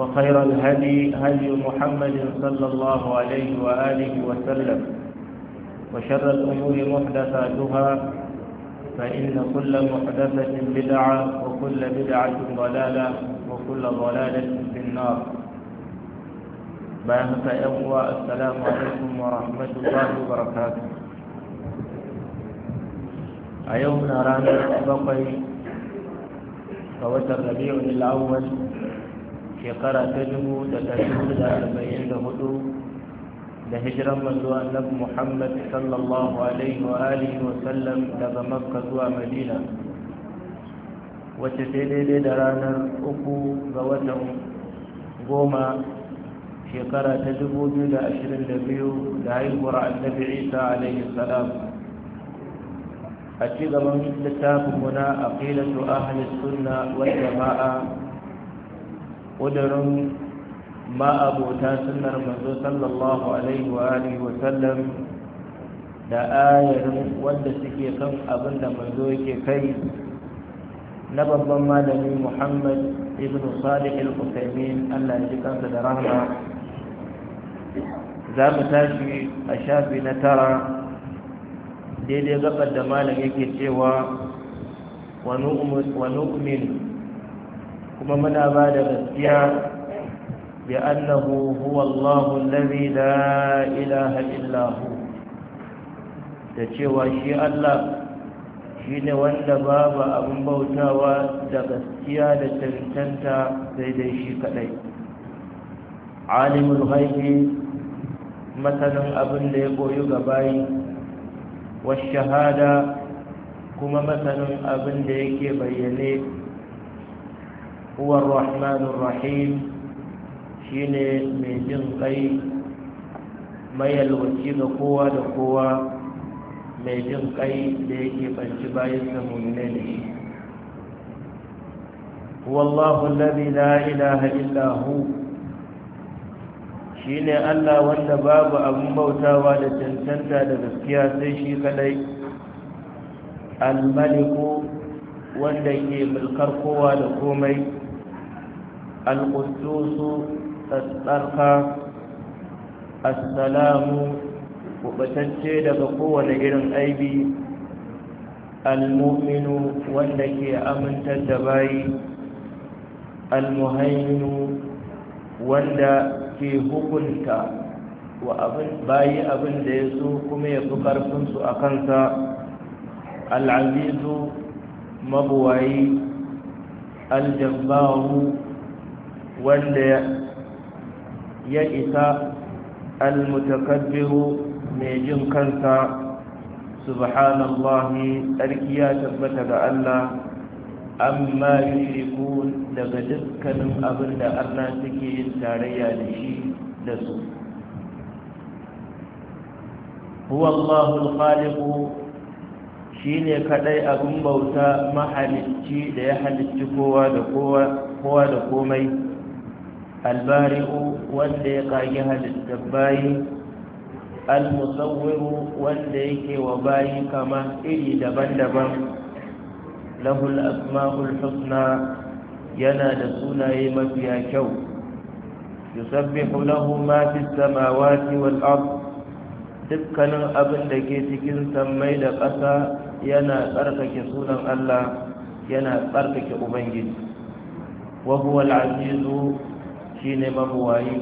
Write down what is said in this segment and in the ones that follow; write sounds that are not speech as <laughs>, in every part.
وخير الهدي هدي محمد صلى الله عليه وآله وسلم وشر الأمور محدثاتها فإن كل محدثة بدعة وكل بدعة ضلالة وكل ضلالة في النار بارك فاقوى السلام عليكم ورحمة الله وبركاته أيوم رانا بقي فوتر ربيع الأول shekara ta dubu da ɗari da arba'in da hudu da hijiran manzo annabi muhammad sallallahu alaihi wa alihi wa sallam daga makka zuwa madina wacce sai daidai da ranar uku ga watan goma shekara ta dubu biyu da ashirin da biyu da haihuwar annabi isa alaihi salam a ci gaban littafin muna aqilatu ahli sunna wal jama'a ƙudurin ma'abota sunar manzo sallallahu alaihi wa alihi wa sallam da ayarin wanda suke kan abin da manzo yake kai na babban malami muhammad ibn salih al-qusaymin allah ya ji kansa da rahama za mu tashi a shafi na tara daidai gabar da malam yake cewa wa nu'min kuma muna ba da gaskiya bi annahu huwa Allahu allazi la ilaha illa hu da cewa shi Allah shine wanda babu abin bautawa da gaskiya da tantanta daidai shi kadai alimul ghaibi masanin abin da ya koyi gabayi wa shahada kuma masanin abin da yake bayyane هو الرحمن الرحيم شيني من جنقي ما يلوكي لقوة لقوة mai jin kai da yake banci bayan samuni ne wallahu alladhi la ilaha illa hu shine Allah wanda babu abin bautawa da tantanta da gaskiya sai shi kadai al-maliku wanda ke mulkar kowa da komai القدوس الصرخ السلام وبتنتي دغه قوه له ايرن اي بي المؤمن والذي امنت دباي المهيمن wanda ke hukunta wa abin bayi abin ya zo kuma ya fi ƙarfinsu a kansa al'azizu mabuwayi aljambaru wanda ya isa almutakabbiru mai jin kansa subhanallahi tsarki ya tabbata ga Allah amma yushrikun daga dukkanin abin da Allah suke yin tarayya da shi da su huwa al khaliqu shine ne kaɗai abin bauta mahalicci da ya halicci kowa da komai albari'u wanda ya kage halittar bayi almusawwiru wanda yake wa bayi kama iri daban-daban lahul asma'ul yana da sunaye mafiya kyau yusabbihu lahu ma fis samawati wal ard dukkanin abin da ke cikin sammai da ƙasa yana tsarkake sunan Allah yana tsarkake ubangiji wa huwa azizu shi shine mabuwayi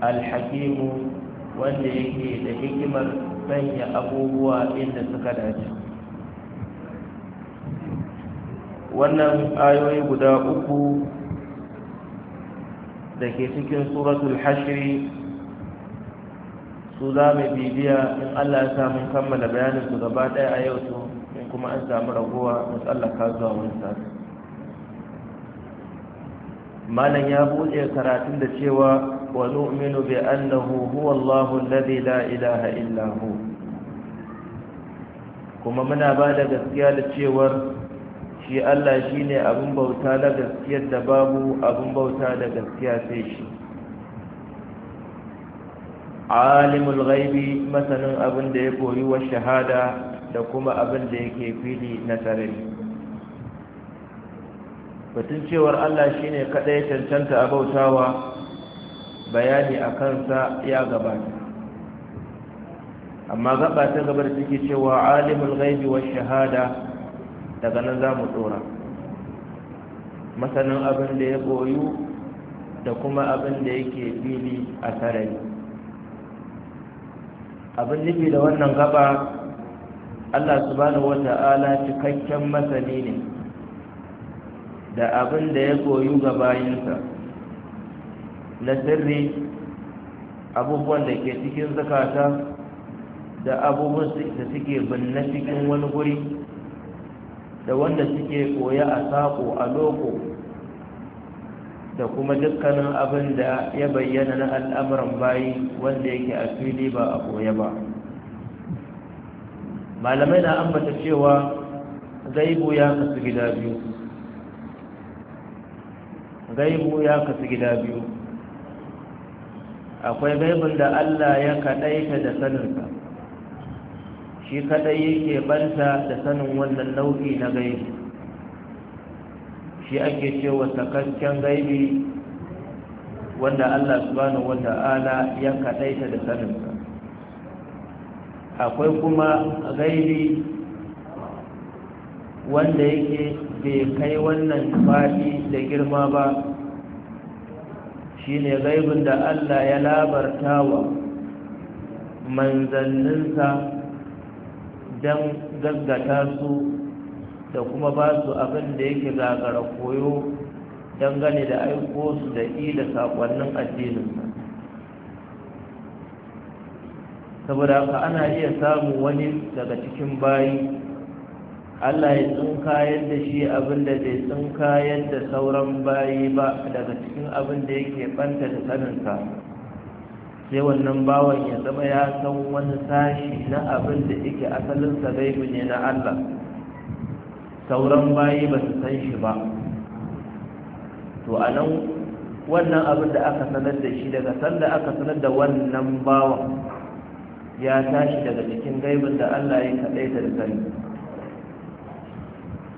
alhakimu wanda yake da hikimar sanya abubuwa inda suka dace wannan ayoyi guda uku da ke cikin suratul hashri su za mu bibiya in allah ya samu kammala bayanin su gaba ɗaya a yau to in kuma an samu ragowa matsallaka zuwa wani sati malam ya buɗe karatun da cewa wa nu'minu bi annahu huwa Allahu alladhi la ilaha illa hu kuma muna ba da gaskiya da cewar shi Allah shine abin bauta na gaskiyar da babu abin bauta da gaskiya sai shi alimul ghaibi masanin abin da ya koyi wa shahada da kuma abin da yake fili na tarihi batun cewar Allah shi shine kaɗai cancanta a bautawa bayani a kansa ya gabata amma gaba ta gabar cewa alimul ghaibi wa shahada daga nan za mu tsora masanin abin da ya goyu da kuma abin da yake fili a sarari abin nufi da wannan gaba Allah subhanahu ta'ala cikakken masani ne da abin da ya koyu ga bayinsa na sirri abubuwan da ke cikin zakata da abubuwan da suke binne cikin wani guri da wanda suke koya a saƙo a loko da kuma dukkanin abin da ya bayyana na al'amuran bayi wanda yake a fili ba a koya ba malamai na ambata cewa gaibu ya kasu gida biyu gaibu ya kasu gida biyu akwai gaibin da Allah ya kaɗaita da saninsa shi kaɗai yake banta da sanin wannan nau'i na gaibi shi ake cewa sakakken gaibi wanda Allah subhanahu wata'ala ya kaɗaita da saninsa akwai kuma gaibi wanda yake bai kai wannan faɗi da girma ba shi ne gaibin da Allah ya labarta wa manzanninsa don gaggata su da kuma ba su abin da yake zagara koyo dangane da aiko su da ila da saƙonnin addininsa saboda haka ana iya samun wani daga cikin bayi Allah ya tsinkayar da shi abin da bai tsinkayar da sauran bayi ba daga cikin abin da yake banta da saninsa sai wannan bawan ya zama ya san wani sashi na abin da yake asalinsa gaibu ne na Allah sauran bayi ba su san shi ba to a nan wannan abin da aka sanar da shi daga sanda aka sanar da wannan bawan ya tashi daga cikin gaibin da Allah ya kaɗaita da sani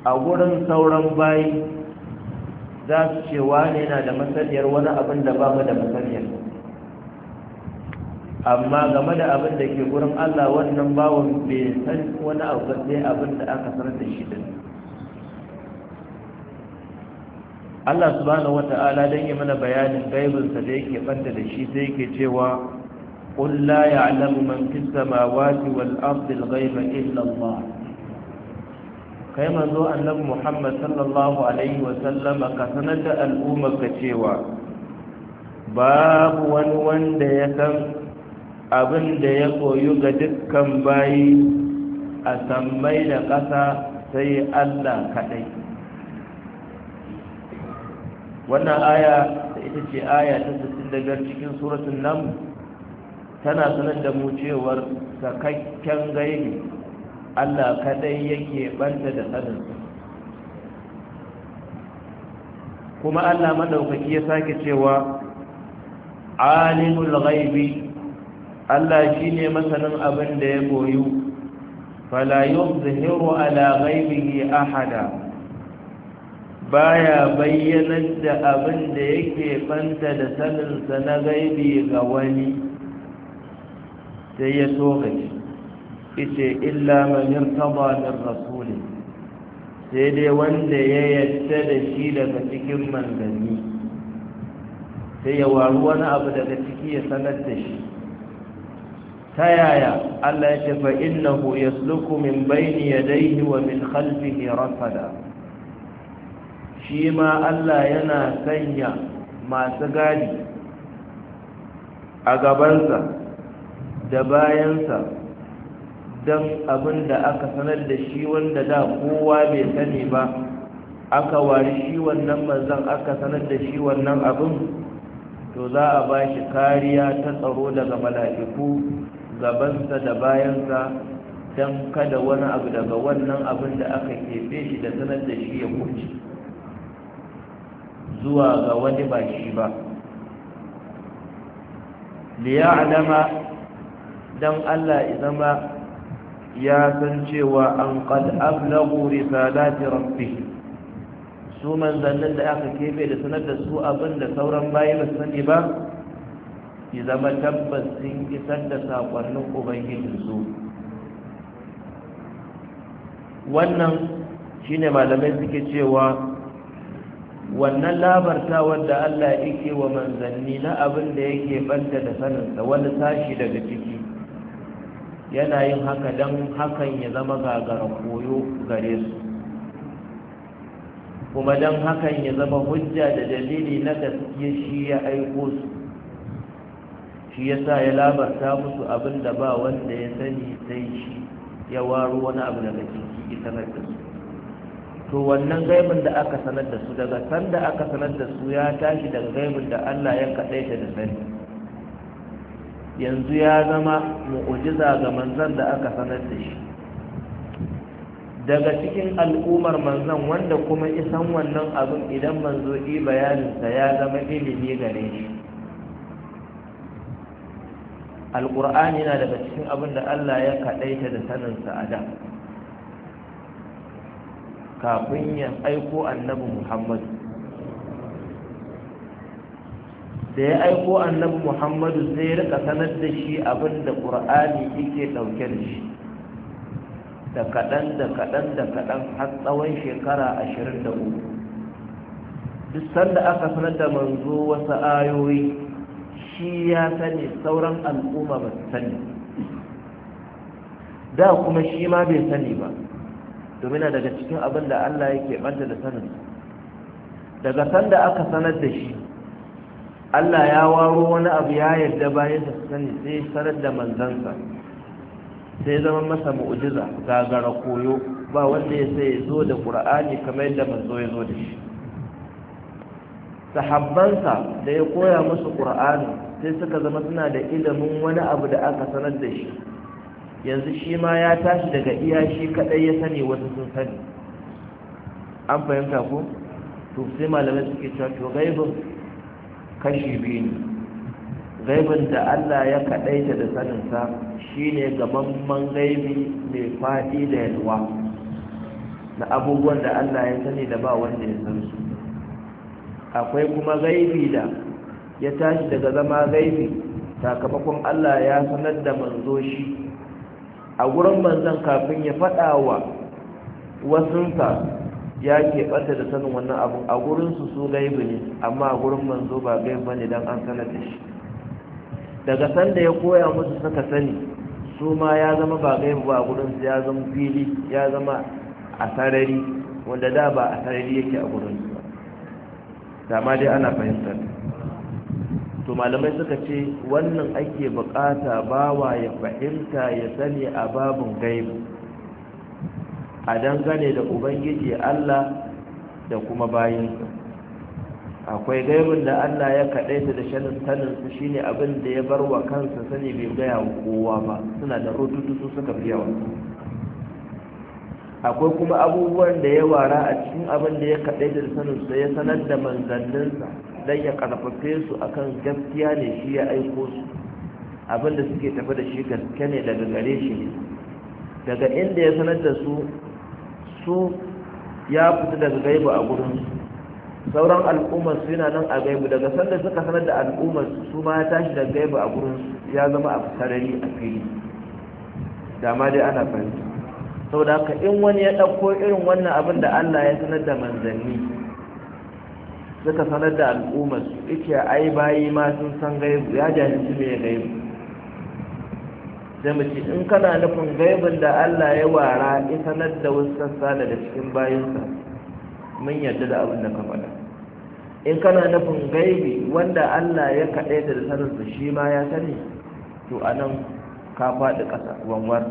a gurin sauran bayi za su ce wane yana da masaniyar wani abin da ba mu da masaniyar amma game da abin da ke gurin Allah wannan bawon bai san wani abu sai abin da aka sanar da shi din Allah subhanahu wata'ala dan yi mana bayanin gaibin sa da yake banta da shi sai yake cewa qul la ya'lamu man fis samawati wal ardi al-ghaiba illa Allah kai manzo annabi Muhammad sallallahu alaihi wa sallama ka sanar da al'ummar ka cewa babu wani wanda ya san abin da ya koyu ga dukkan bayi a sammai da ƙasa sai Allah kaɗai wannan aya ita ce aya ta daga cikin suratul nam tana sanar da mu cewar sakakken gaibi Allah kadai yake banta da saninsa kuma Allah madaukaki ya sake cewa alimul ghaibi Allah shine masanin abin da ya koyu fala yuzhiru ala ghaibihi ahada baya bayyanar da abin da yake banta da saninsa na gaibi ga wani sai ya so ice illa man yartaba min rasuli sai dai wanda ya yadda da shi daga cikin mangani. sai ya waru wani abu daga ciki ya sanar da shi ta yaya Allah ya ce fa ya yasluku min ya yadayhi wa min khalfihi rasada shi ma Allah yana sanya masu gadi a gabansa da bayansa don abin da aka sanar da shi wanda da kowa bai sani ba aka wari shi wannan manzan aka sanar da shi wannan abin to za a ba shi kariya ta tsaro daga mala'iku gabansa da bayansa don kada wani abu daga wannan abin da aka kefe shi da sanar da shi ya kuci zuwa ga wani ba shi ba liya alama don allah izama ya san cewa an qad ablagu risalati rabbihim su manzannin da aka kebe da sanar da su abin sauran bayi ba sani ba ki zama tabbas sun isar da saƙonnin su wannan shine malamai suke cewa wannan labartawar da allah yake wa manzanni na abin da yake banta da saninsa wani sashi daga ciki yana yin haka don hakan ya zama gagara koyo gare su kuma don hakan ya zama hujja da dalili na gaskiya shi ya aiko su shi ya sa ya labarta musu abin da ba wanda ya sani sai shi ya waro wani abu daga ciki sanar da su to wannan gaibin da aka sanar da su daga sanda aka sanar da su ya tashi daga gaibin da Allah ya kaɗaita da sani yanzu ya zama mu'ujiza ga manzan da aka sanar da shi daga cikin al'ummar manzan wanda kuma isan wannan abin idan manzo yi bayaninsa ya zama ilimi gare shi alƙur'ani yana daga cikin abin da allah ya kaɗaita da saninsa a da kafin ya aiko annabi muhammadu da ya aiko annabi muhammadu sai ya rika sanar da shi abin da ƙur'ani yake dauke da shi da kaɗan da kaɗan da kaɗan har tsawon shekara ashirin da uku duk sanda aka sanar da manzo wasu ayoyi shi ya sani sauran al'umma ba sani da kuma shi ma bai sani ba domin daga cikin abin da allah yake banta da sanin daga sanda aka sanar da shi Allah ya waro wani abu ya yarda bayan da sani sai sarar da manzansa sai zama masa mu'jiza gagara koyo ba wanda ya sai zo da qur'ani kamar yadda manzo ya zo da shi sahabbansa da ya koya musu qur'ani sai suka zama suna da ilimin wani abu da aka sanar da shi yanzu shi ma ya tashi daga iya shi kadai ya sani wasu sun sani an fahimta ko to sai malamai suke cewa to gaibin kashi biyu ne gaibin da Allah ya kaɗaita da saninsa shine man gaibi mai faɗi da yalwa na abubuwan da Allah ya sani da ba wanda ya san su akwai kuma gaibi da ya tashi daga zama gaibi sakamakon Allah ya sanar da manzo shi a wurin manzan kafin ya faɗa wa wasunsa ya keɓanta da sanin wannan abu a gurinsu su gaibu ne amma a gurin manzo ba gaibu ne don an sanar da shi daga sanda ya koya musu suka sani su ma ya zama ba gaibu ba a gurinsu ya zama fili ya zama a sarari wanda da ba a sarari yake a gurinsu ba dama dai ana fahimtar to malamai suka ce wannan ake bukata bawa ya fahimta ya sani a babin gaibu a dangane da ubangiji Allah da kuma bayinsa akwai gaibin da Allah ya kaɗaita da shanin saninsu shi ne abin da ya bar wa kansa sani bai gaya wa kowa ba suna da rututu suka fi yawa akwai kuma abubuwan da ya wara a cikin abin da ya kaɗaita da saninsu ya sanar da manzanninsa don ya ƙarfafe su akan gaskiya ne shi ya aiko su abin da suke tafi da shi gaske ne daga gare shi ne daga inda ya sanar da su su ya fita daga gaibu a gurin sauran al'ummar su yana nan a gaibu daga sanda suka sanar da al'ummar su ma ya tashi daga gaibu a gurin ya zama a sarari a fili dama dai ana fahimta da haka in wani ya ɗauko irin wannan abin da Allah ya sanar da manzanni suka sanar da al'ummar su ita ai bayi ma sun san gaibu ya jahilci me gaibu Da mace in kana nufin gaibin da Allah ya wara ya sanar da wasu sassa daga cikin bayansa mun yarda da abin da ka faɗa in kana nufin gaibi wanda Allah ya kaɗai da sanar da shi ma ya sani to a nan ka faɗi ƙasa wanwar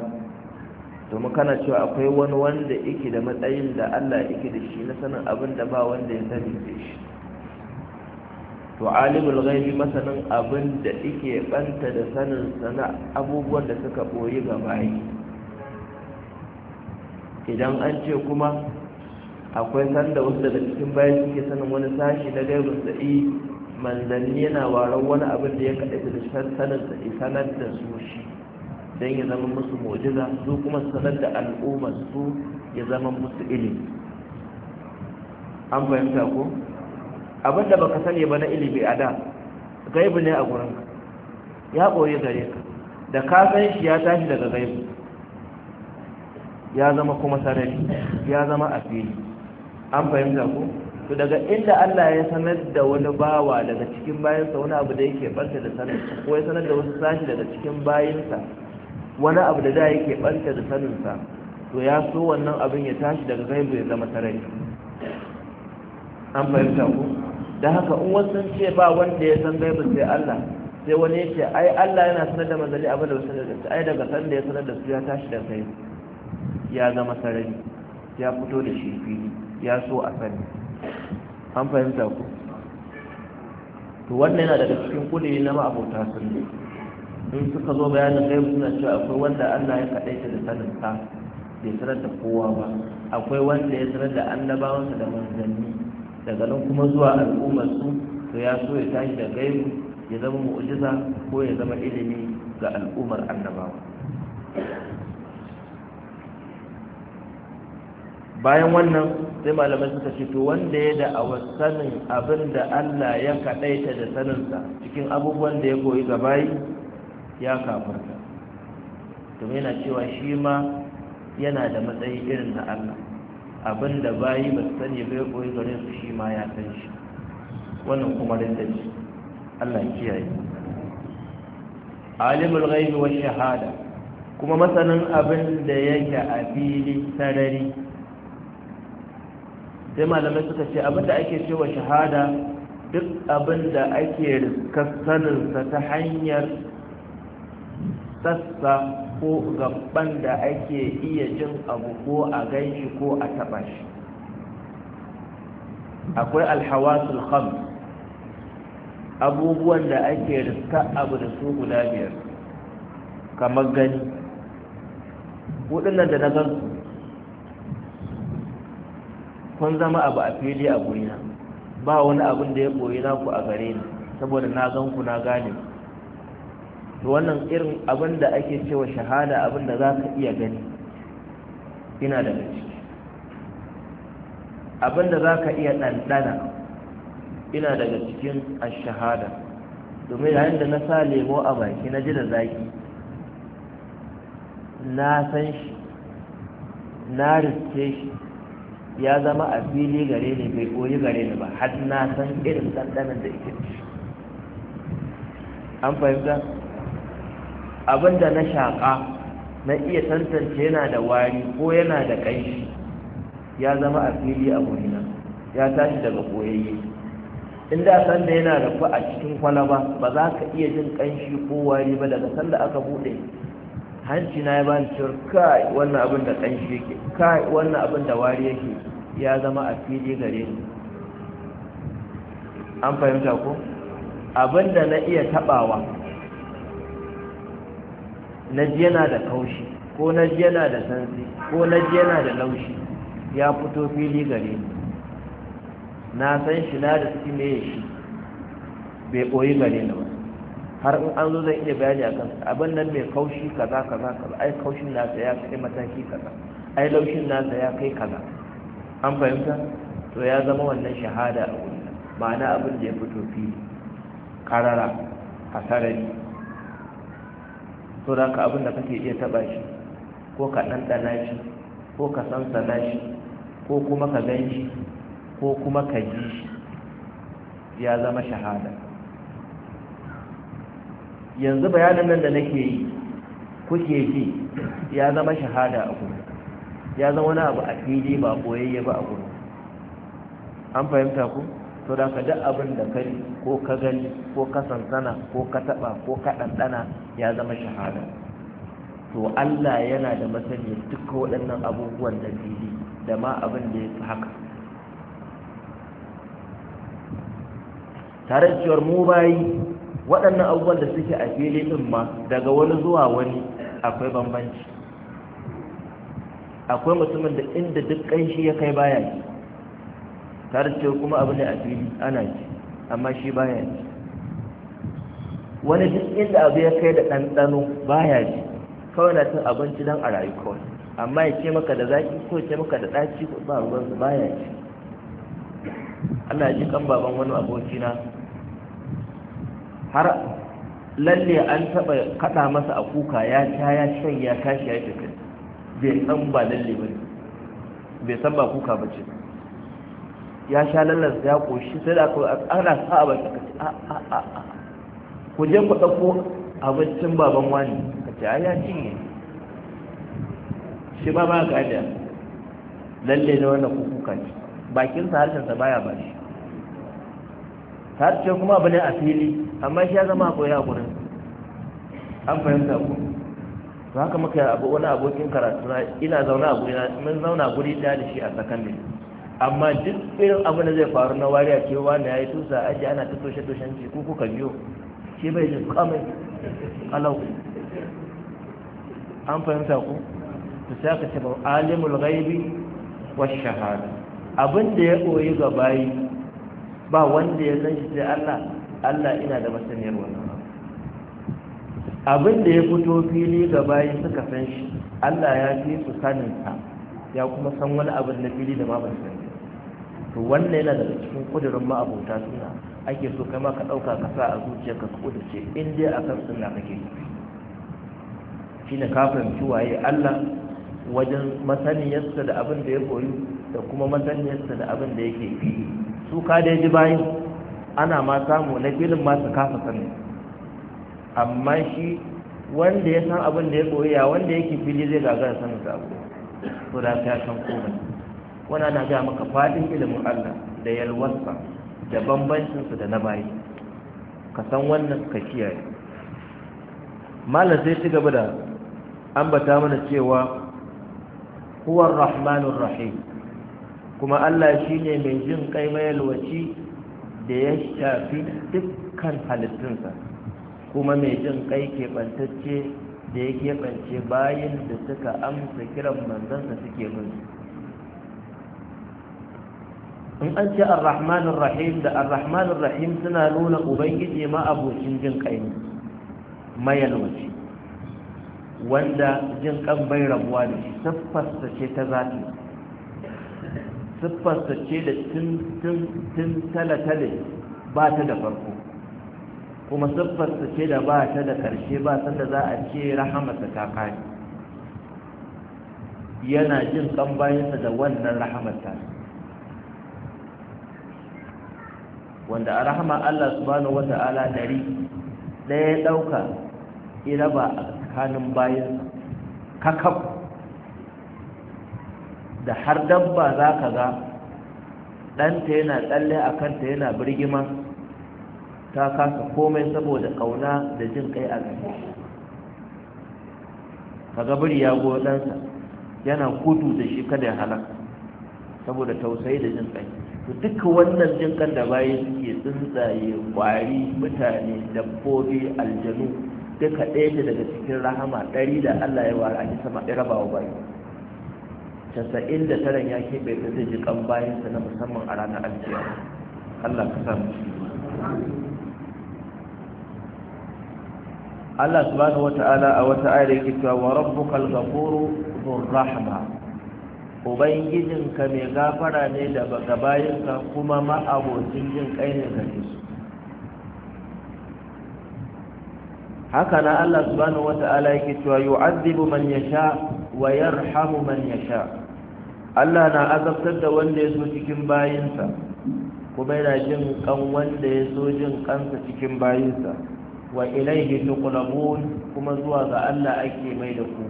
domin kana cewa akwai wani wanda yake da matsayin da Allah yake da shi na sanin abin da ba wanda ya sani da shi to alimul ghaibi masanin abin da yake banta da sanin sana abubuwan da suka boye ga bayi idan an ce kuma akwai sanda wasu daga cikin bayan suke sanin wani sashi na gaibin sa'i eh, manzanni yana waron wani abin da ya kaɗa da sanin sa'i sanar da su shi don ya zama musu mojiza su kuma sanar da al'ummar su ya zama musu ilimi an fahimta ko abin da baka sani ba na ilimi a da gaibu ne a gurin ya koyi gare ka da ka san shi ya tashi daga gaibu ya zama kuma sarari ya zama a fili an fahimta ko to daga inda Allah ya sanar da wani bawa daga cikin bayansa wani abu da yake barta da sanin ko ya sanar da wasu sashi daga cikin bayansa wani abu da da yake barta da saninsa to ya so wannan abin ya tashi daga gaibu ya zama sarari an fahimta ko da haka in wasu ce ba wanda ya san gaibu sai Allah sai wani ya ce ai Allah yana sanar da manzali abin da sanar da su ai daga san da ya sanar da su ya tashi da kai ya zama sarari ya fito da shi fili ya so a sani an fahimta ku to wannan yana daga cikin kudi na ma'abota sun in suka zo bayanin gaibu suna cewa akwai wanda Allah ya kaɗaita da sanin sa bai sanar da kowa ba akwai wanda ya sanar da annabawansa da manzanni daga nan kuma zuwa al'ummar su to ya so ya tashi da gaibu ya zama mu'ujiza ko ya zama ilimi ga al'ummar annabawa bayan wannan sai malamai suka ce to wanda ya da sanin abin da Allah ya kaɗaita da saninsa cikin abubuwan da ya koyi bayi ya kafarta domin yana cewa shi ma yana da matsayi irin na Allah abin da bayi ba su sani bai koyi gare su shi ma ya san shi wannan kuma rinda shi Allah kiyaye alimul ghaibi wa shahada kuma masanin abin da yake a fili sarari sai malamai suka ce abin da ake cewa shahada duk abin da ake saninsa ta hanyar sassa ko gaban da ake iya jin abu ko a ganshi ko a taba shi akwai alhawasul kham abubuwan da ake riska abu da su guda biyar kamar gani waɗannan da na su. kun zama abu a fili a gurina ba wani abin da ya ɓoye naku a gare ni saboda na gan ku na gane ku to wannan irin abin da ake cewa shahada abin da za ka iya gani ina da ciki abin da za ka iya ɗanɗana ina daga cikin shahada domin yayin da na sa lemo a baki na ji da zaki na san shi na riske shi ya zama a fili gare ni bai koyi gare ni ba har na san irin ɗanɗanan da ike an fahimta abinda na shaƙa na iya tantance yana da wari ko yana da ƙanshi ya zama a fili a gurina ya tashi daga koyayye in da sanda yana da a cikin kwalaba ba za ka iya jin ƙanshi ko wari ba daga sanda aka buɗe hanci na ya bani cewar kai wannan abin da ƙanshi yake kai wannan abin da wari yake ya zama a fili gare ni an fahimta ko abin da na iya taɓawa na yana da kaushi ko na yana da santsi ko na yana da laushi ya fito fili gare ni na san shi na da suke meye shi bai koyi gare ni ba har in an zo zan iya bayani akan abin nan mai kaushi kaza kaza kaza ai kaushin nasa ya kai mataki kaza ai laushin nasa ya kai kaza an fahimta to ya zama wannan shahada a wurin ma'ana abin da ya fito fili karara a sarari to da ka abin da kake iya taba shi ko ka ɗanɗana shi ko ka sansana shi ko kuma ka gan shi ko kuma ka ji shi ya zama shahada yanzu bayanin nan da nake yi kuke ji ya zama shahada a gudu ya zama wani abu a fili ba boyayye ba a gudu an fahimta ku? to da ka duk abin da kai ko ka gani ko ka sansana ko ka taba ko ka ɗanɗana ya zama shahada to Allah yana da masaniyar duk waɗannan abubuwan da fili da ma abin da ya fi haka tare da cewar mu bayi waɗannan abubuwan da suke a fili ɗin ma daga wani zuwa wani akwai bambanci akwai mutumin da inda duk ƙanshi ya kai baya tare da kuma abin da a fili ana ci amma shi baya ci wani duk inda abu ya kai da ɗanɗano baya ci kawai na cin abinci don a rayu kawai amma ya ce maka da zaki ko ya ce maka da ɗaci ko ba ruwan su baya ci Allah ji kan baban wani abokina har lalle an taɓa kaɗa masa a kuka ya sha ya shan ya tashi ya kai. bai san ba lalle ba bai san ba kuka ba ce ya sha lallar ya koshi sai da ana sa a baki a a a a ku je ku ɗauko abincin baban wani ka a ya cinye shi ba ba ka da lalle da wannan bakin ce harshen sa baya bashi shi harshen kuma abu ne a fili amma shi ya zama a a gurin an fahimta ku Za ka muka wani abokin karatu ina zauna a guri mun zauna guri ɗaya da shi a tsakanin. amma duk irin abin da zai faru na wariya ke wani ya yi tusa aji ana ta toshe toshen ce ko kuka biyo shi bai jin kamai alau an fahimta ku ta sa ka ce ba alimul ghaibi wa shahada abin da ya koyi ga bayi ba wanda ya san shi sai Allah Allah ina da masaniyar wannan abin da ya fito fili ga bayi suka san shi Allah ya fi su sanin sa ya kuma san wani abin na fili da babu ban sani to wannan yana daga cikin kudurin ma'abota suna ake so kai ma ka ɗauka ka sa a zuciya ka ce in dai a kan suna kake shi ne kafin waye Allah wajen masaniyarsa da abin da ya koyu da kuma masaniyarsa da abin da yake fi su ka da ji bayan ana ma samu na filin masu kafa sani amma shi wanda ya san abin da ya ya wanda yake fili zai gagara sanin sabo to da ya san komai wana na ga maka fadin ilimin Allah da yalwarsa da bambancinsa da na bayi ka san wannan ka kiyaye malam zai ci gaba da ambata mana cewa huwa rahmanur rahim kuma Allah shine mai jin kai mai da ya shafi dukkan halittunsa kuma mai jin kai keɓantacce da ya keɓance bayan da suka amsa kiran manzansa suke bin in an ce ar-rahmanir rahim da ar-rahmanir rahim suna nuna ubangiji ma abokin jin kai ne mayalwaci wanda jin kan bai rabuwa da shi siffarsa ce ta zafi siffarsa ce da tun talatale ba ta da farko kuma siffarsa ce da ba ta da karshe ba sanda za a ce rahamarsa ta kare yana jin kan bayansa da wannan rahamarsa wanda a rahama Allah subhanahu wata'ala dari ɗaya ɗauka iraba a tsakanin bayan kakab da har dabba za ka ga ɗanta yana tsalle a kanta yana birgima ta kasa komai saboda ƙauna da jin kai a gani ka biri ya goyo ɗansa yana kudu da shi kada ya halaka saboda tausayi da jin kai duk wannan jinkan da bayan suke tsuntsaye kwari mutane dabbobi aljanu duka ɗaya ne daga cikin rahama ɗari da allah ya wara ake sama ɗaya rabawa bayi casa'in da taron ya keɓe ta zai jikan sa na musamman a ranar aljiya allah ka samu Allah subhanahu wata'ala a wata ayar yake cewa wa rabbukal ghafuru dhur rahma ubangijinka mai gafara ne da baka bayanka kuma ma'abocin jin kai ne su haka na Allah subhanahu wata'ala yake cewa yu'adhibu man yasha wa yarhamu man yasha Allah na azabtar da wanda ya so cikin bayinsa kuma yana jin kan wanda ya so jin kansa cikin bayinsa wa ilaihi tuqlabun kuma zuwa ga Allah ake mai da ku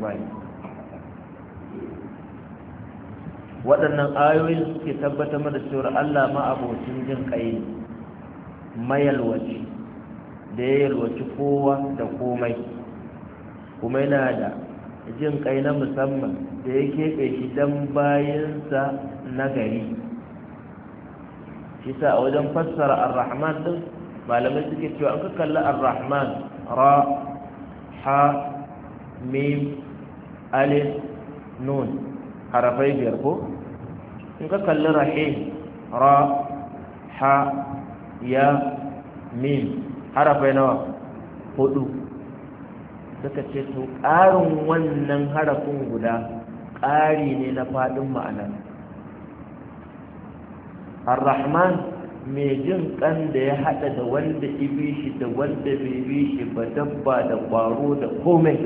waɗannan ayoyin suke tabbatar mana cewar Allah ma abokin jin kai mayalwaci da ya yalwaci kowa da komai kuma yana da jin kai na musamman da ya keɓe shi don bayansa na gari shi sa a wajen fassara ar-rahman din malamai suke cewa an ka kalli ar-rahman ra ha mim alif nun harafai biyar ko in ka kalli rahi ra ha ya min harafai nawa hudu suka ce to ƙarin wannan harafin guda ƙari ne na faɗin ma'ana. ar-rahman mai jin kan da ya haɗa da wanda ibi shi da wanda bai bi shi ba dabba da ƙwaro da komai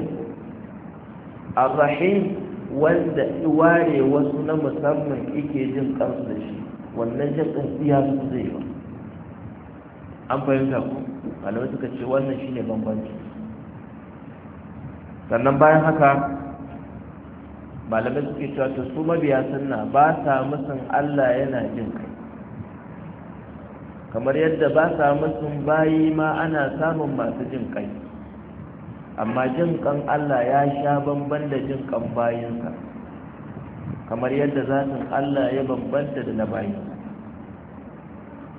ar-rahim wanda ware wasu na musamman ike jin kansu da shi wannan jin ya su zai ba an fahimta ku malamai suka ce wannan shine bambanci sannan bayan haka malamai suke cewa to su mabiya sunna ba sa musun Allah yana jin kai kamar yadda ba sa musun bayi ma ana samun masu jin kai amma jin kan Allah ya sha bamban da jin kan bayinka kamar yadda zatin Allah ya bambanta da na bayinsa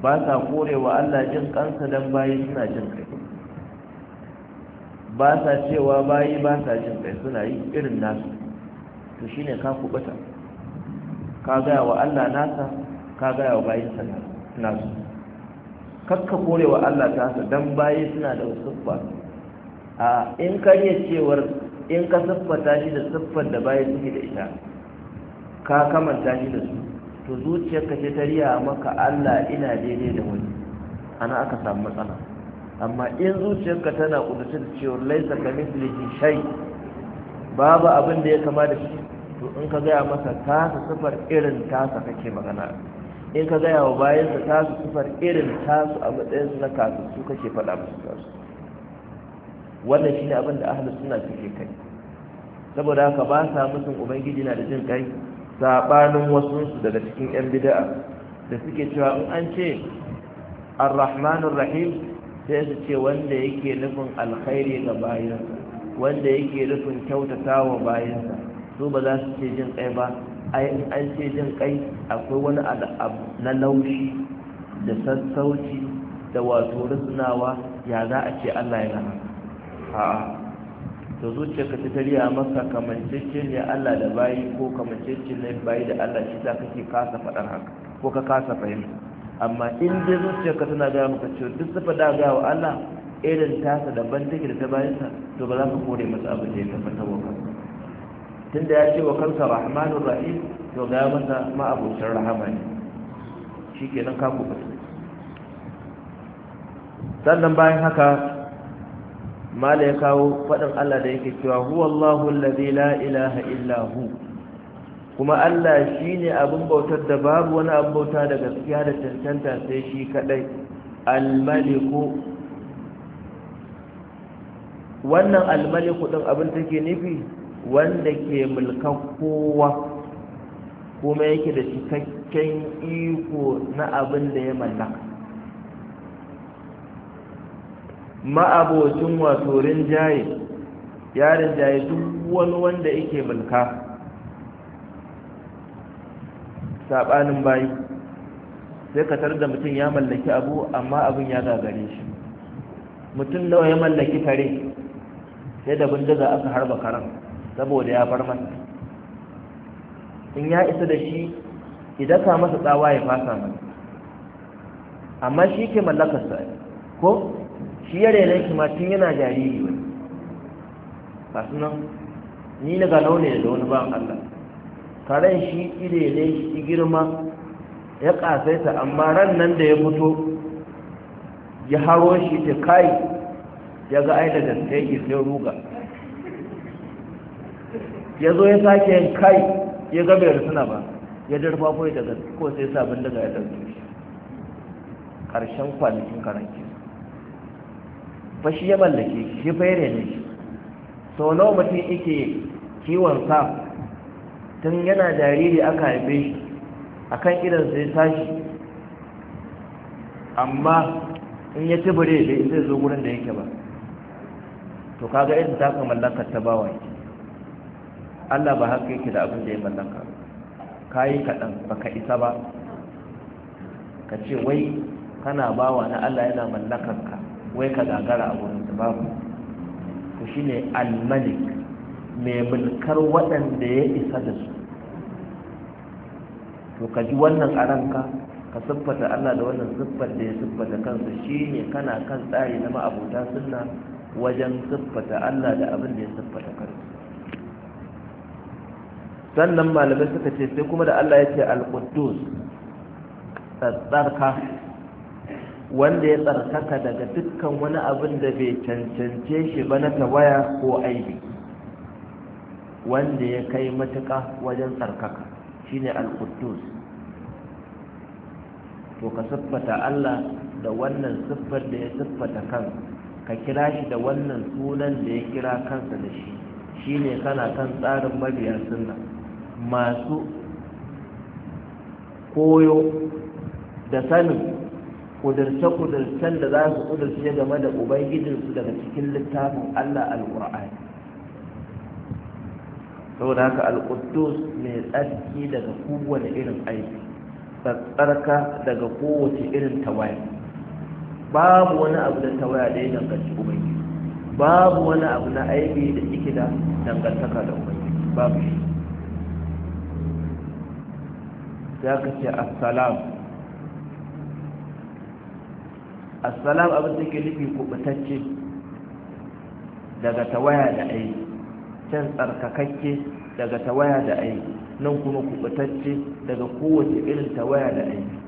ba sa korewa Allah jin kansa dan bayin suna jin kai ba sa cewa bayi ba sa jin kai suna yi irin nasu to shine ka kubuta ka gaya wa Allah nasa ka gaya wa bayinsa nasu kakka korewa Allah tasa dan bayi suna da wasu a in iya cewar in ka siffata shi da siffar da bayan suke da ita ka kamanta shi da su to zuciyarka ce ta riya maka Allah ina daidai da wani ana aka samu matsala amma in zuciyarka tana da cewar laisa ka mislihi shai, babu abin da ya kama da shi to in ka gaya masa tasa siffar irin tasa kake magana in ka gaya wa bayansa tasa siffar irin tasu a su na kasu su kake faɗa masu kasu. wannan shine abin da ahlus suna suke kai saboda haka ba sa musun ubangiji na da jin kai sabanin wasu su daga cikin yan bid'a da suke cewa in an ce ar-rahmanur rahim sai su ce wanda yake nufin alkhairi ga bayan wanda yake nufin kyautata wa bayansa su ba za su ce jin kai ba ai an ce jin kai akwai wani al'abu na laushi da sassauci da wato rusunawa ya za a ce Allah ya rahama A'a, to zuciyarka ta tariya masa kamancecen ne Allah da bayi ko kamancecen ne bayi da Allah shi ta kake kasa faɗar haka ko ka kasa fahimta amma in dai zuciyarka tana gaya maka cewa duk su da gaya wa Allah irin tasa daban take da ta bayansa to ba za ka kore masa abin da ya tabbata wa kansa tunda ya ce wa kansa rahmanur rahim to ga masa ma abucin rahama ne kenan ka ku sannan bayan haka mala ya kawo faɗin Allah da yake cewa huwa Allahu allazi la ilaha illa hu kuma Allah shine abin bautar da babu wani abin bauta da gaskiya da tantanta sai shi kadai al-maliku wannan al-maliku din abin take nufi wanda ke mulkan kowa kuma yake da cikakken iko na abin da ya mallaka ma'abocin wato rinjaye ya rinjaye duk wani wanda yake mulka saɓanin bayi sai ka tar da mutum ya mallaki abu amma abin ya gagare shi mutum nawa ya mallaki tare, sai da bindiga aka harba karan saboda ya bar masa in ya isa da shi idan ka masa tsawa ya fasa masa amma shi ke mallakarsa ko shi ya rena shi tun yana jariri wani ba su nan ni na ga launin da wani ba Allah karen shi ire ne shi girma ya kasaita amma ran nan da ya fito ya haro shi ta kai ya ga aida da gaske yake sai ruga ya zo ya sake yin kai ya ga bai rusuna ba ya darfa kawai daga ko sai sabon daga ya ɗauke shi ƙarshen kwanakin karanki fa shi ya mallake shi fa yare ne to nawa mutum yake kiwon sa tun yana jariri aka haife shi akan idan sai tashi amma in ya ci bare da zai zo gurin da yake ba to kaga ta taka mallaka ta bawa Allah ba haka yake da abin da ya mallaka kayi kaɗan baka isa ba ka ce wai kana bawa na Allah yana mallakar ka wai ka gagara a wurin su babu ku shi al-malik mai mulkar waɗanda ya isa da su to ka ji wannan a ranka ka siffata Allah da wannan siffar da ya siffata kansa shine kana kan tsari na ma'abuta sunna wajen siffata Allah da abin da ya siffata kansa sannan malamai suka ce sai kuma da Allah ya ce al-quddus tsarka wanda ya tsarkaka daga dukkan wani abin da bai cancance shi ba na tawaya ko aibi wanda ya kai matuka wajen tsarkaka shine ne alkutus to ka siffata Allah da wannan siffar da ya siffata kan ka kira shi da wannan sunan da ya kira kansa da shi shine kana kan tsarin mabiya sunna masu koyo da sanin kudurce-kudurcen da za su kudurce game da ubangijinsu daga cikin littafin Allah al-Qur'ani saboda haka al mai tsarki daga kowane irin aiki tsarka daga kowace irin tawaya babu wani abu da tawaya da ya danganci ubangiji babu wani abu na aiki da yake da dangantaka da ubangiji babu shi ya kace assalamu assalam abin da ke nufi kubutacce daga tawaya da aiki can tsarkakakke daga tawaya da aiki nan kuma kubutacce daga kowace irin tawaya da aiki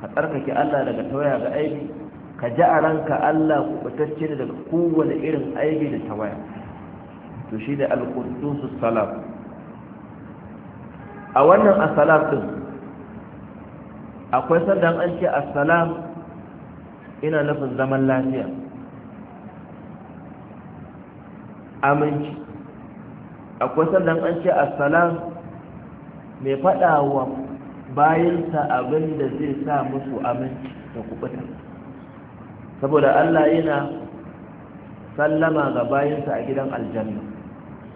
ka tsarkake allah daga tawaya da aiki ka ji a ranka allah kubutacce daga kowane irin aiki da tawaya to shi da su salam a wannan asalam din akwai sandan an ce assalam ina nufin zaman lafiya aminci akwai sandan an ce assalam mai fadawa wa bayansa abin da zai sa musu aminci da kubuta saboda Allah yana sallama ga bayansa a gidan aljanna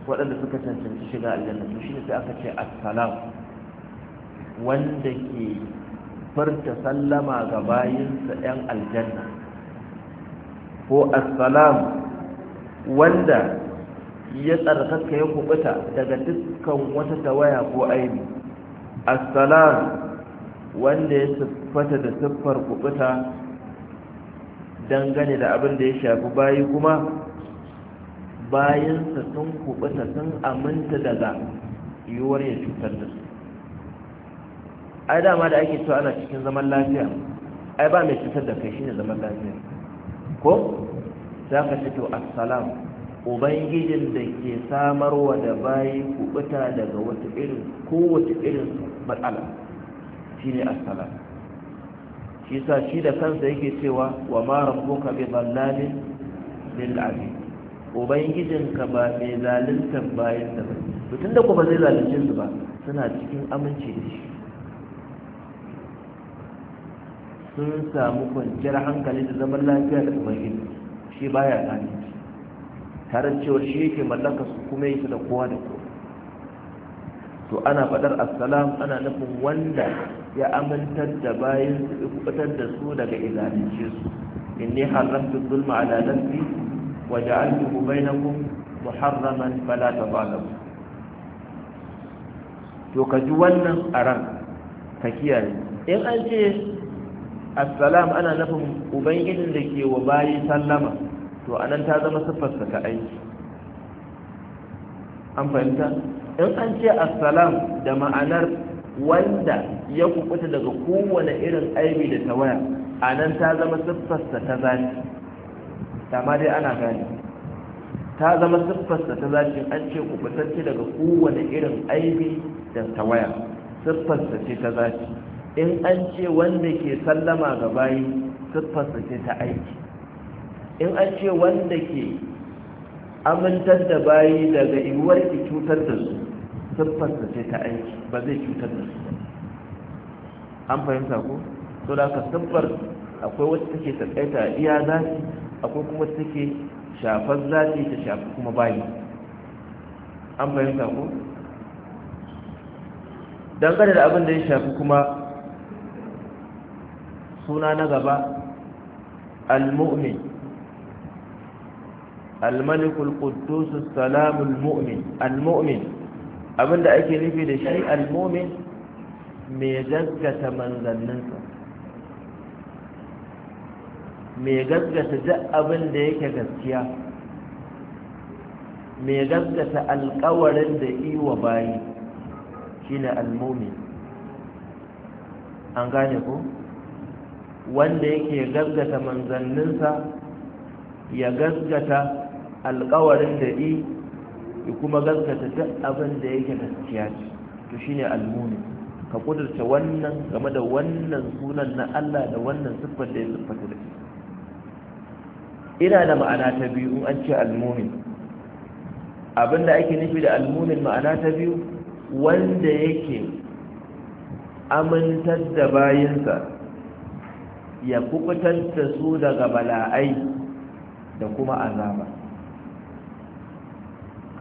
waɗanda suka cancanci shiga aljanna to shi ne sai aka ce assalam wanda ke farta sallama ga bayinsa 'yan aljanna ko assalam wanda ya tsarkaka ya kubuta daga dukkan wata tawaya ko aini. assalam wanda ya siffata da siffar kubuta dangane da abin da ya shafi bayi kuma bayansa sun kubuta sun aminta daga yiwuwar ya cutar da su ai dama da ake cewa ana cikin zaman lafiya ai ba mai cutar da kai shine zaman lafiya ko za ka ce to assalam ubangijin da ke samarwa da bayi kubuta daga wata irin kowace irin matsala shine assalam shi sa shi da kansa yake cewa wa ma rabbuka bi dhallamin lil abid ka ba mai zalunta bayan da ba tunda ku ba zai zalunta ba suna cikin aminci da shi sun samu kwanciyar hankali da zaman lafiya da ubangiji shi baya gane tare cewa shi yake mallaka su kuma yake da kowa da kowa to ana fadar assalam ana nufin wanda ya amintar da bayan su kubutar da su daga izalince su haram haramtu zulma ala nafsi wa ja'altuhu bainakum muharraman fala da to ka ji wannan ran ka kiyaye in an ce assalam ana nufin ubangijin da ke wa bayi sallama to anan ta zama siffarsa ta aiki an fahimta in an ce assalam da ma'anar wanda ya kukuta daga kowane irin aibi da tawaya anan ta zama siffarsa ta zaci dama dai ana gani ta zama siffarsa ta zafi an ce kubutacce daga kowane irin aibi da tawaya siffarsa ce ta zafi. in an ce wanda ke sallama ga bayi siffarsa ce ta aiki in an ce wanda ke amintar da bayi daga iwuwar ki cutar da su siffarsa ce ta aiki ba zai cutar da su an fahimta ko to da ka siffar akwai wacce take takaita iya zafi akwai kuma take shafar zafi ta shafi kuma bayi an fahimta ko dangane da abin da ya shafi kuma suna na gaba al-mu'min al-malikul quddus salamul mu'min al-mu'min abinda ake nufi da shi al-mu'min me gaskata manzanninsa me gaskata duk abin da yake gaskiya me gaskata alƙawarin da iwa bayi shine al-mu'min an gane ko wanda yake gaggata manzanninsa ya gaggata alkawarin da yi ya kuma gaggata duk abin da yake gaskiya ce to shine almuni ka kudurta wannan game da wannan sunan na Allah da wannan siffar da ya siffata da ina da ma'ana ta biyu in an ce abin abinda ake nufi da almunin ma'ana ta biyu wanda yake amintar da bayinsa ya kubutar da su daga bala'ai da kuma azaba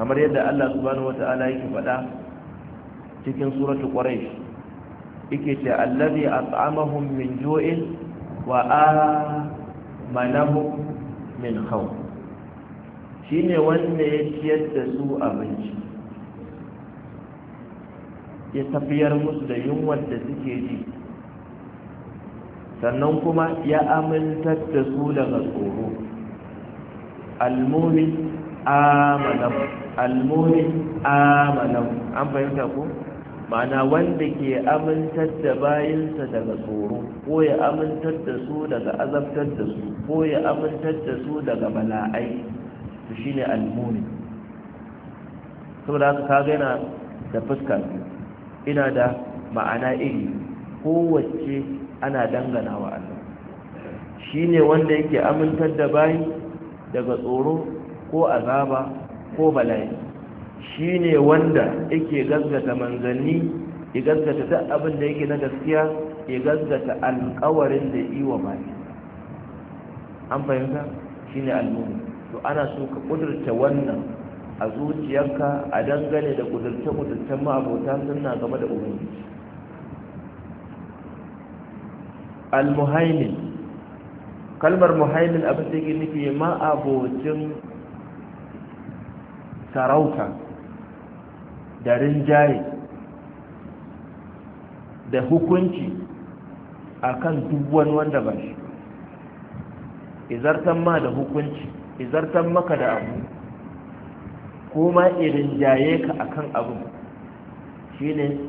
kamar yadda Allah subhanahu wata'ala yake faɗa cikin suratu quraish yake ce allazi at'amahum min ju'in wa amanahum min khawf shine wanda ya ciyar da su abinci ya tafiyar musu da yunwar da suke ji sannan kuma ya amintar da su daga tsoro almomin amalam almumin amalam an fahimta ko mana wanda ke amintar da bayansa daga tsoro ko ya amintar da su daga azabtar da su ko ya amintar da su daga bala'ai su shi ne almumin saboda haka ka yana da fuskar ina da ma'ana iri kowace ana dangana wa Allah shi ne wanda yake amintar da bayi daga tsoro ko azaba ko bala'i shi ne wanda yake gaskata manzanni ya gaskata duk abin da yake na gaskiya ya gaskata alkawarin da yi wa bayi an fahimta shi ne almuhu to ana so ka kudurta wannan a zuciyarka a dangane da kudurce-kudurcen ma'abota suna game da ubangiji al-muhaimin kalmar muhaimin abin da ke nufi ma'abocin sarauta da rinjaye da hukunci akan dubban wanda ba shi izartan ma da hukunci izartan maka da abu kuma irin jaye ka akan abu shine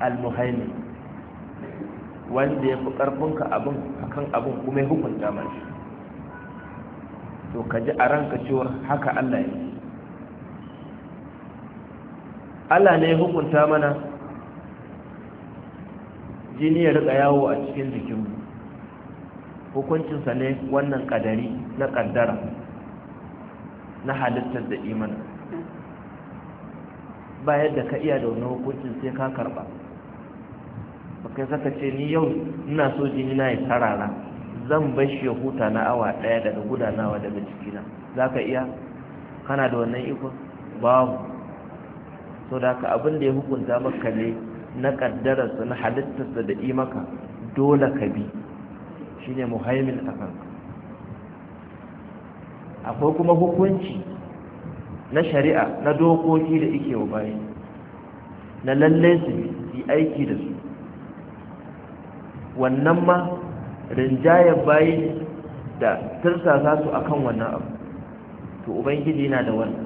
al-muhaimin wanda ya fi ƙarfinka abin akan abin kuma ya hukunta mai to ka ji a ranka cewar haka Allah ya Allah ne ya hukunta mana jini ya riƙa yawo a cikin jikinmu hukuncinsa ne wannan ƙadari na ƙaddara na halittar da imanin ba yadda ka iya da wani hukuncin sai ka karɓa kai saka ce ni yau ina so jini na ya tarara zan bar shi ya huta na awa ɗaya daga gudanawa daga cikina za ka iya kana da wannan ikon babu so da ka abin da ya hukunta maka ne na ƙaddararsa na halittarsa da maka dole ka bi shi ne muhaimin a kanka akwai kuma hukunci na shari'a na dokoki da ike wa bayi na lallai su yi aiki da su wannan ma rinjayar bayi da za su akan wannan abu to ubangiji yana da wannan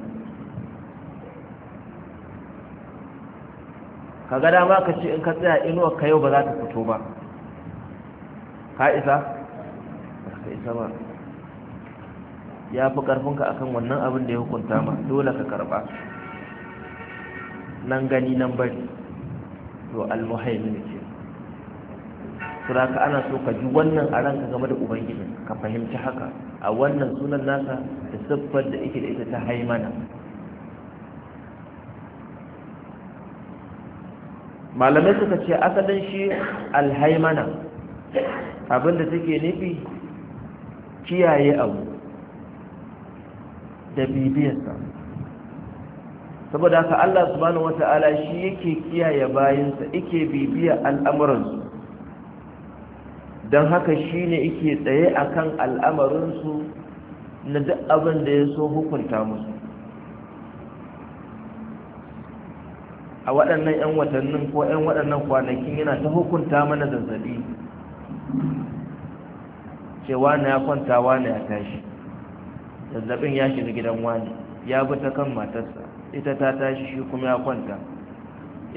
ka ga dama ka ce in ka tsaya inuwar ka yau ba za ta fito ba ka isa ka isa ba ya fi karfinka akan wannan abin da ya hukunta ma dole ka karba nan gani nan bari to almuhaimini suraka ana so ka ji wannan a ranka game da ubangiji ka fahimci haka a wannan sunan nasa da siffar da yake da ita ta haimana malamai suka ce asalin shi alhaimana abinda take nufi kiyaye abu da bibiyarsa saboda haka Allah subhanahu wata'ala shi yake kiyaye bayansa yake bibiya al'amuransu don haka shi ne ike tsaye a kan al'amarinsu na duk abin da ya so hukunta musu a waɗannan 'yan watannin ko 'yan waɗannan kwanakin yana ta hukunta mana zazzabi cewa na ya kwanta wani ya tashi zazzabin ya shiga gidan wani ya bi ta kan matarsa ita ta tashi shi kuma ya kwanta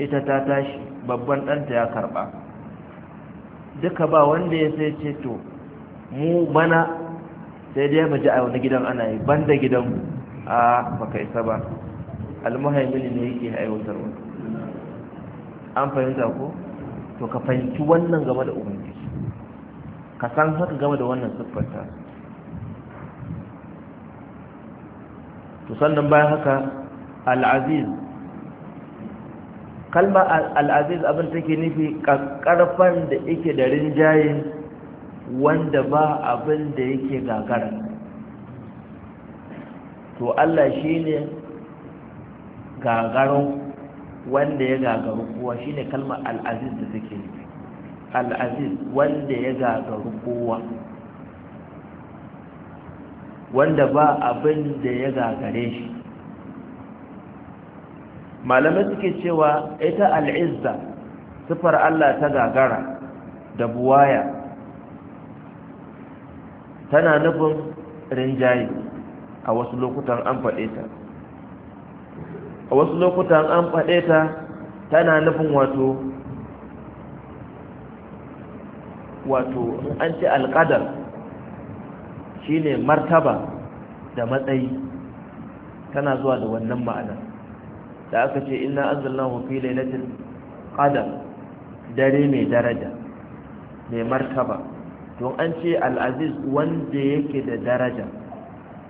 ita ta tashi babban ɗanta ya karɓa duka ba wanda ya sai ce to mu bana sai dai mu ji a wani gidan ana yi banda gidan a baka isa ba almuhaimini ne yake wa? an fahimta ko to ka fahimci wannan game da ubangiji ka san haka game da wannan siffarta to sannan bayan haka al'aziz kalma al'aziz abin take nufi ƙarfan da yake da rinjaye wanda ba abin da yake gagara to Allah shi ne gagaron wanda ya gagaru kowa shi ne kalmar al'aziz da take nufi al'aziz wanda ya gagaru kowa wanda ba abin da ya gagare shi malamai suke cewa ita al'izza sifar Allah ta gagara da buwaya tana nufin rinjaye a wasu lokutan an faɗe ta a wasu lokutan an faɗe ta tana nufin wato wato an ce alƙadar shine martaba da matsayi tana zuwa da wannan ma'anar da aka ce inna anzalnahu fi lailatul qadar dare mai daraja mai martaba don an ce al-aziz wanda yake da daraja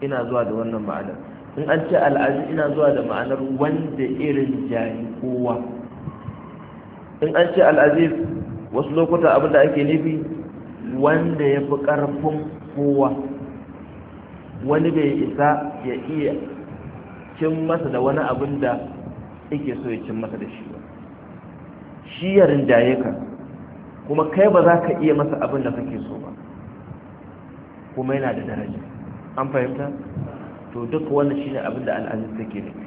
ina zuwa da wannan ma'anar in an ce al-aziz ina zuwa da ma'anar wanda irin jari kowa in an ce al-aziz wasu lokuta abin da ake nufi wanda ya fi ƙarfin kowa wani bai isa ya iya cin masa da wani abin da yake so ya cin masa da shi ba shi ya rinjaye ka kuma kai ba za ka iya masa abin da kake so ba kuma yana da daraja an fahimta to duk wannan shine abin da al'aziz take da shi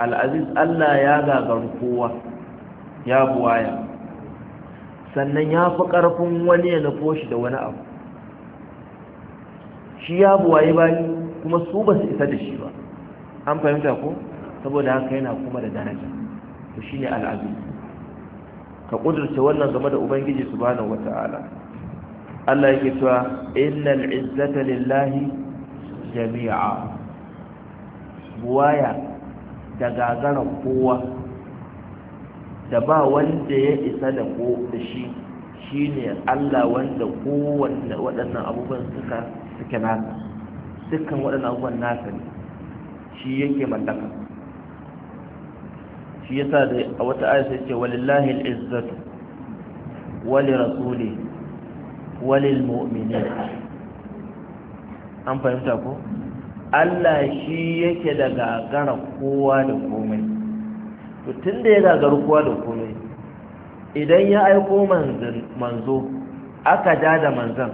al'aziz Allah ya gagaru kowa ya buwaya sannan ya fi ƙarfin wani ya nufo shi da wani abu shi ya buwaye bayi kuma su ba su isa da shi ba an fahimta ko? saboda haka yana kuma da daraja to shine al'aziz ka kudurce wannan game da ubangiji subhanahu wata'ala Allah yake cewa innal izzata lillahi jami'a buwaya da gagara kowa da ba wanda ya isa da ko da shi shine Allah wanda kowanne waɗannan abubuwan suka suke nasa dukkan waɗannan abubuwan nasa ne shi yake mallaka shi yasa da a wata aya sai ce walillahi al-izzatu wali an fahimta ko Allah shi yake da gagara kowa da komai to da ya gagara kowa da komai idan ya aiko manzo aka da da manzan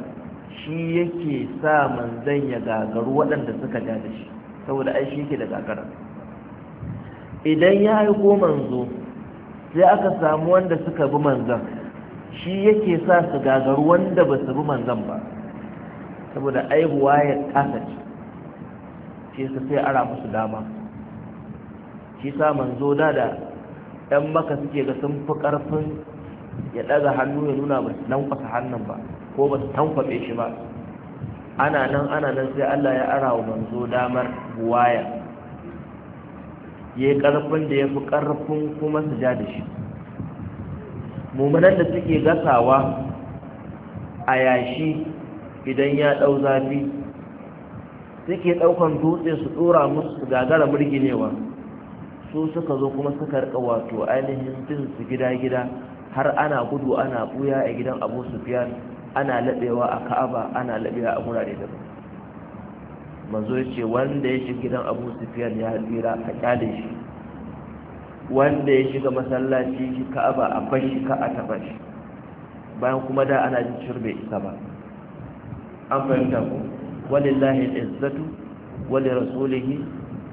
shi yake sa manzan ya gagaru waɗanda suka da da shi saboda ai shi yake da gagara idan ya haiko manzo sai aka samu wanda suka bi manzan shi yake sa su gagaru wanda ba su bi manzan ba saboda aihuwa ya kasa ce shi sai ara musu dama shi sa manzo da da ɗan maka suke ga sun fi ƙarfin ya ɗaga hannu ya nuna ba su lankwasa hannun ba ko ba su tankwaɓe shi ba ana nan ana nan sai allah ya ara wa manzo damar buwaya ya yi ƙarfin da ya fi ƙarfin kuma su ja da shi mummunan da suke gasawa a yashi idan ya ɗau zafi suke ɗaukan dutse su ɗora musu gagara murginewa su suka zo kuma suka rika wato ainihin jin su gida-gida har ana gudu ana ɓuya a gidan abu sufiyan ana laɓewa a ka'aba ana laɓewa a da daban manzo ya ce wanda ya shiga gidan abu sufiyan ya tsira a kyale shi wanda ya shiga masallaci shi ka'aba a bashi ka a taba shi bayan kuma da ana jin shirbe isa ba an fahimta ku walillahi izzatu wali rasulihi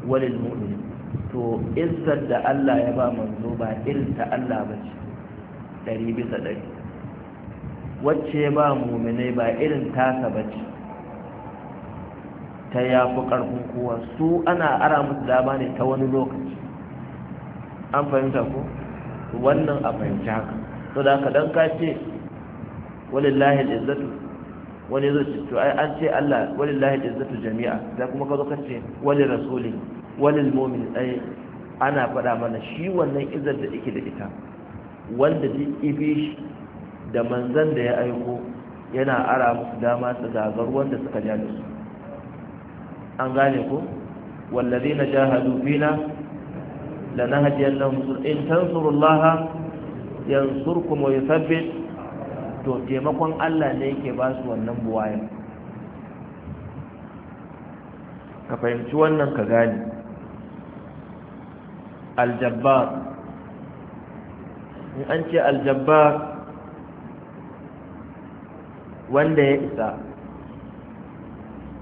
walil mu'min to izzar da Allah ya ba manzo ba irin ta Allah ba ce ɗari bisa ɗari wacce ba mu'minai ba irin tasa ba ce ta ya fi ƙarfin kowa su ana ara musu dama ne ta wani lokaci an fahimta ko wannan a fahimci haka to da haka dan ka ce walillahi izzatu wani zai ce to ai an ce Allah walillahi izzatu jami'a da kuma ka zo ka ce wali rasuli walil mu'min ai ana faɗa mana shi wannan izzar da yake da ita wanda duk ibi da manzan da ya aiko yana ara musu dama su gagaruwan da suka ja su an gane ku na jahadu fina lanahdiyannahum in tansurullaha kuma ya sabbin to taimakon Allah ne yake ba su wannan buwayen ka fahimci wannan ka gane aljabbar in an ce aljabbar wanda ya isa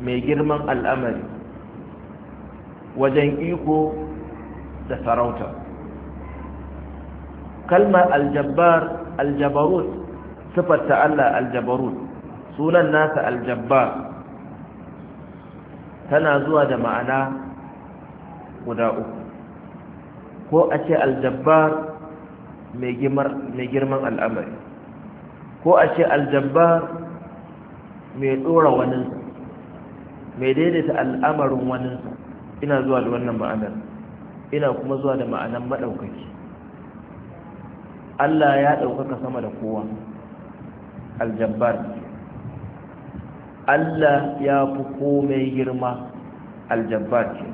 mai girman al'amari wajen iko da sarauta kalmar aljabbar aljabarut sifarta Allah aljabarut sunan nasa aljabbar tana zuwa da ma'ana guda uku ko a ce aljabbar mai girman al'amari ko a ce aljabbar mai ɗora wani mai daidaita al'amarin wani ina zuwa da wannan ma'anar ina kuma zuwa da ma'anar maɗaukaki Allah ya ɗaukaka sama da kowa aljabbar Allah ya fi komai girma aljabbar ce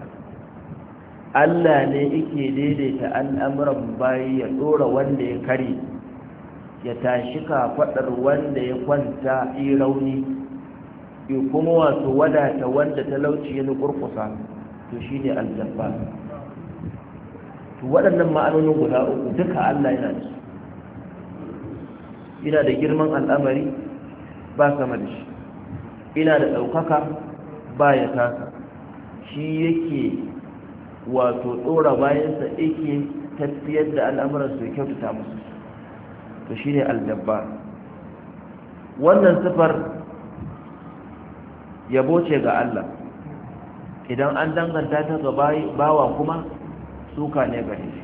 Allah ne yake daidaita al'amuran bayi ya ɗora wanda ya kare ya tashi kafaɗar wanda ya kwanta rauni ya kuma wato wadata wanda talauci ya nukurkusa to shi ne aljabba to waɗannan ma'anonin guda uku duka allah yana da su ina da girman al'amari ba sama da shi ina da ɗaukaka ba ya kasa shi yake wato ɗora bayansa yake tafiyar da su ya kyautata musu to shi ne aljabba wannan sifar yabo ce ga Allah idan an danganta ta ga bawa kuma suka ne ga shi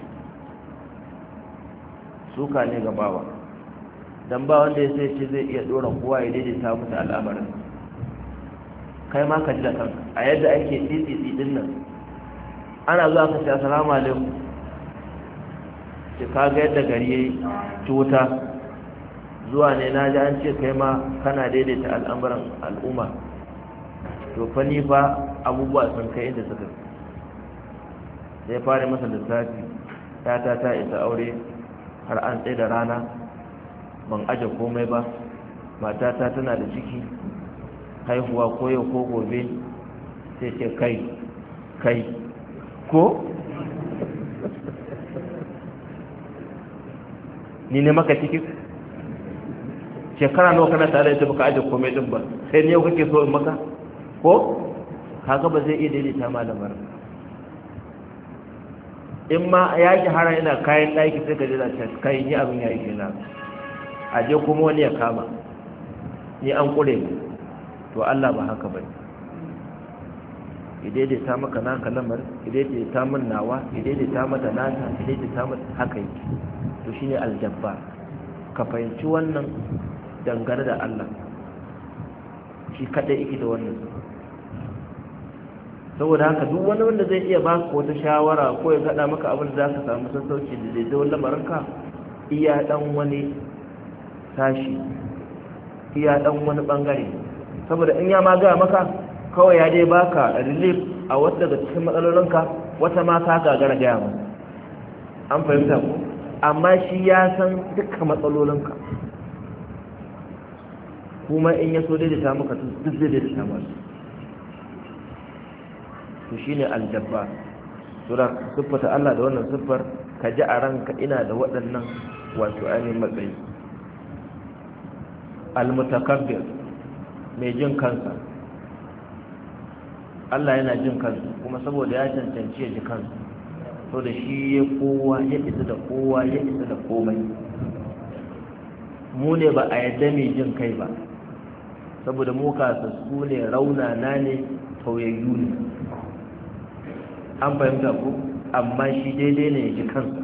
suka ne ga bawa don ba wanda ya sai ce zai iya dora kowa ya daidaita mutu al'amarin kai ma ka ji da kanka a yadda ake tsitsi din nan ana zuwa ka ce assalamu alaikum ce ka ga yadda gari ya yi cuta zuwa ne na ji an ce kai ma kana daidaita al'amuran al'umma to fa ni ba abubuwa sun kai inda suka sai fara masa lissafi ta ta ta isa aure har an tsaye da rana ban aje komai ba matata tana da ciki haihuwa ko yau ko gobe sai ce kai kai ko <laughs> ni ne maka ciki shekara nawa kana tare da baka aje komai din ba sai ne yau kake so in maka ko kaga ba zai iya daidaita malamar in ma ya hara yana kayan ɗaki sai ka je da kai ni abin ya ishe na a je kuma wani ya kama ni an ƙure ne to Allah ba haka ba idai da ta maka naka lamar idai da ta min nawa idai da ta mata ta idai da ta mata haka yi to shine aljabba ka fahimci wannan dangane da Allah shi kaɗai yake da wannan saboda haka duk wani wanda zai iya ba ka wata shawara ko ya faɗa maka abin da za ka samu sassauci da zai wanda lamarinka iya ɗan wani sashi iya ɗan wani ɓangare saboda in ya ma gaya maka kawai ya dai baka relief a wata daga cikin matsalolinka wata ma ka gagara gaya maka an fahimta ku amma shi ya san dukkan matsalolinka kuma in ya so dai-dai samu maka duk zai da maka to shine aljabba. sura siffata Allah da wannan siffar ka ji a ranka ina da waɗannan wato ainihin matsayi almutakabbir mai jin kansa Allah yana jin kansa kuma saboda ya cancanci ya ji kansa to da shi ya kowa ya isa da kowa ya isa da komai mu ne ba a yadda mai jin kai ba saboda mu su ne raunana ne tauyayyu ne an fahimta ku amma shi daidai ne ya kansa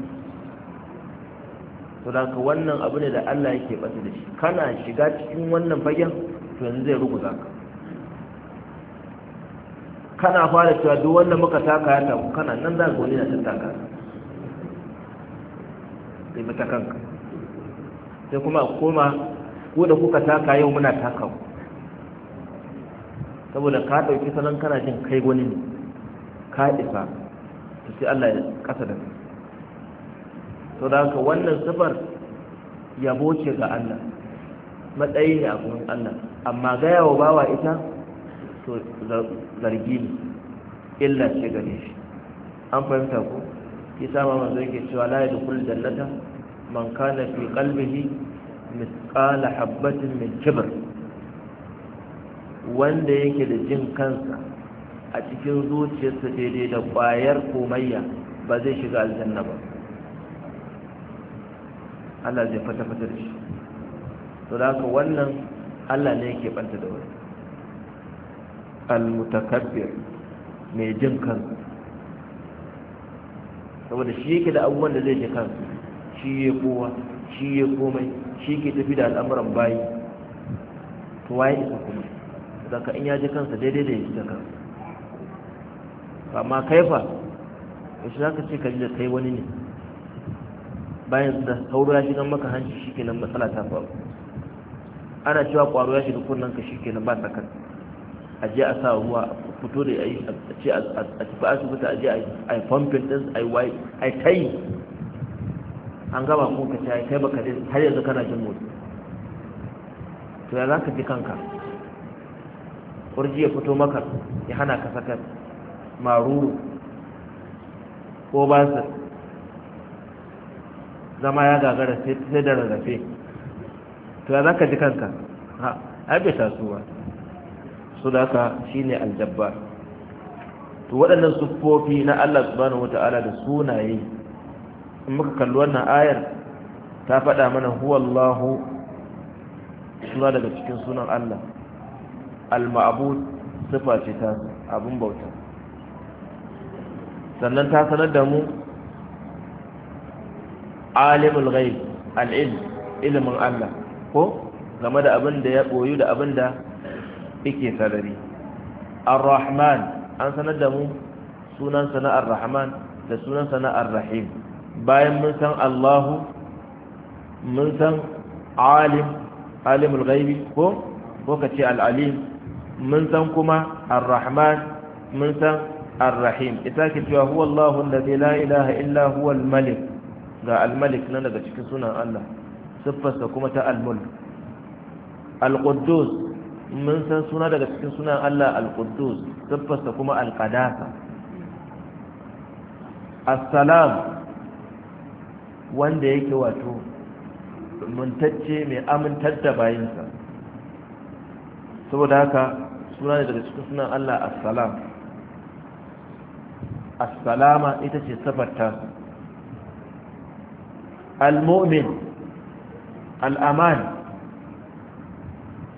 to da wannan abu ne da Allah yake batu da shi kana shiga cikin wannan fagen to yanzu zai rubuta ka kana fara cewa duk wanda muka taka ya taku kana nan za ka wani na tattaka sai mata kanka sai kuma koma ko da kuka taka yau muna taka ku saboda ka ɗauki salon kana jin kai wani ne ka isa sai Allah ya kasa da to da haka wannan sifar yabo ce ga Allah matsayi ne a gurin Allah amma gaya wa bawa ita to zargi ne illa ce gare shi an fahimta ko Ki ma manzo yake cewa la da jannata man kana fi qalbihi mithqala habatin min kibr wanda yake da jin kansa a cikin zuciyarsa daidai da ƙwayar komayya ba zai shiga aljanna ba Allah zai fata-fata da shi to da haka wannan Allah ne yake banta da wani al-mutakabbir mai jin kansa saboda shi yake da abubuwan da zai ji kansa shi ya kowa shi ya komai shi ke tafi da al'amuran bayi to waye isa kuma daga in ya ji kansa daidai da ya ji kansa amma kaifa yaushe za ka ce ka ji da kai wani ne bayan da sauro ya shiga maka hanci shi nan matsala ta faru ana cewa kwaro ya shiga kunnen ka nan ba sakan a je a sa ruwa a fito da yi a ce a tafi asibiti a je a yi pumping din a yi a kai an gaba ko ka ce a kai baka dai har yanzu kana jin motsi to ya za ka ji kanka kurji ya fito maka ya hana ka sakar maruru ko basir zama ya gagara sai da rarrafe to ya za ka ji kanka ha ta tasuwa su da shi ne aljabba. to waɗannan sufofi na Allah subhanahu wata'ala da sunaye in muka kalli wannan ayar ta faɗa mana huwallahu suna daga cikin sunan Allah al maabu sifa ce ta abin bauta sannan ta sanar da mu alimul ghaib al ilmin Allah ko game da abin da ya boyu da abin da yake sadari ar-rahman an sanar da mu sunan sana ar-rahman da sunan sana ar-rahim bayan mun san Allahu mun san alim alimul ghaibi ko ko kace al-alim mun san kuma ar-rahman mun san ar-rahim ita ke cewa huwa Allahu alladhi la ilaha illa huwa al-malik ga al daga cikin sunan Allah siffarsa kuma ta al al mun san suna daga cikin sunan Allah al-quddus siffarsa kuma al wanda yake wato muntacce mai amintar da bayinsa saboda haka suna ne daga cikin sunan Allah as Assalama ita ce sifarta al-mu'min al-aman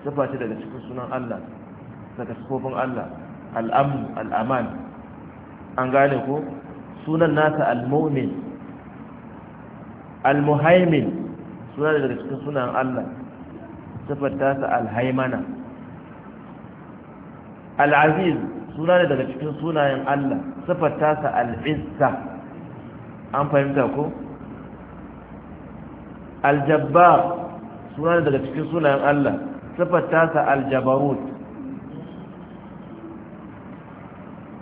sifa daga cikin sunan Allah daga sifofin Allah al-amn al-aman an gane ko sunan nasa al-mu'min al-muhaimin sunan daga cikin sunan Allah sifar tasa al-haimana al-aziz suna ne daga cikin sunayen Allah sifar tasa izza an fahimta ko al-jabbar suna ne daga cikin sunayen Allah sifar tasa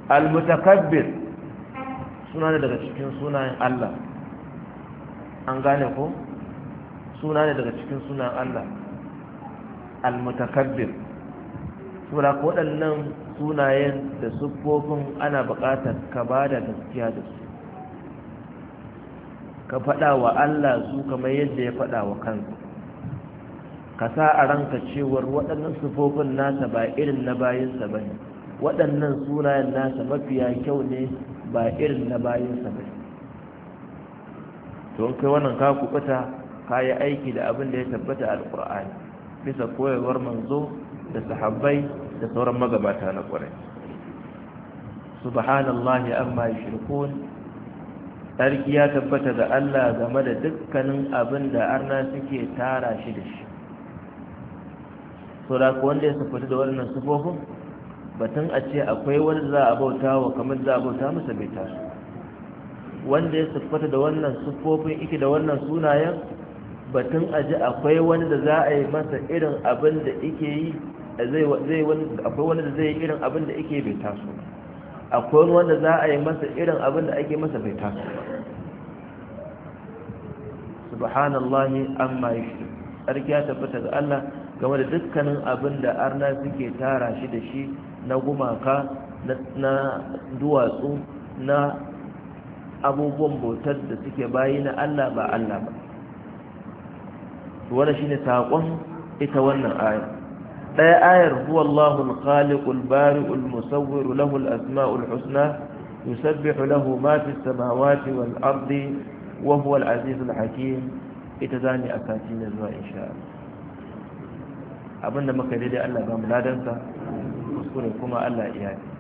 al-mutakabbir suna ne daga cikin sunayen Allah an gane ko suna ne daga cikin sunayen Allah al-mutakabbir sura ko waɗannan sunayen da siffofin ana buƙatar ka ba da gaskiya da su ka faɗa wa Allah su kamar yadda ya faɗa wa kansa ka sa a ranka cewar waɗannan siffofin nasa ba irin na bayansa ba ne waɗannan sunayen nasa mafiya kyau ne ba irin na bayansa ba ne to kai wannan ka kubuta ka yi aiki da abin da ya tabbata alƙur'ani bisa koyarwar manzo da sahabbai da sauran magabata na ƙwarai subhanallahi amma yushrikun sarki ya tabbata ga Allah game da dukkanin abin da arna suke tara shi da shi so da wanda ya sufuri da wannan sufofin batun a ce akwai wanda za a bauta wa kamar za a bauta masa bai tasu wanda ya siffata da wannan sufofin, iki da wannan sunayen batun ji akwai wani da za a yi masa irin abin da ike yi zai wani akwai wanda zai yi irin abin da yake bai taso akwai wanda za a yi masa irin abin da ake masa bai taso subhanallahi amma yake tsarki ya tabbata ga Allah game da dukkanin abin da arna suke tara shi da shi na gumaka na duwatsu na abubuwan bautar da suke bayi na Allah ba Allah ba wanda ne saƙon ita wannan aya ɗaya ayar huwa Allahul khaliqul bari'ul musawwiru lahul asma'ul husna yusabbihu lahu ma fis samawati wal ardi wa huwa al azizul hakim ita zani a sati na zuwa insha Allah abinda muka daidai Allah ba mu ladansa kuskure kuma Allah iyali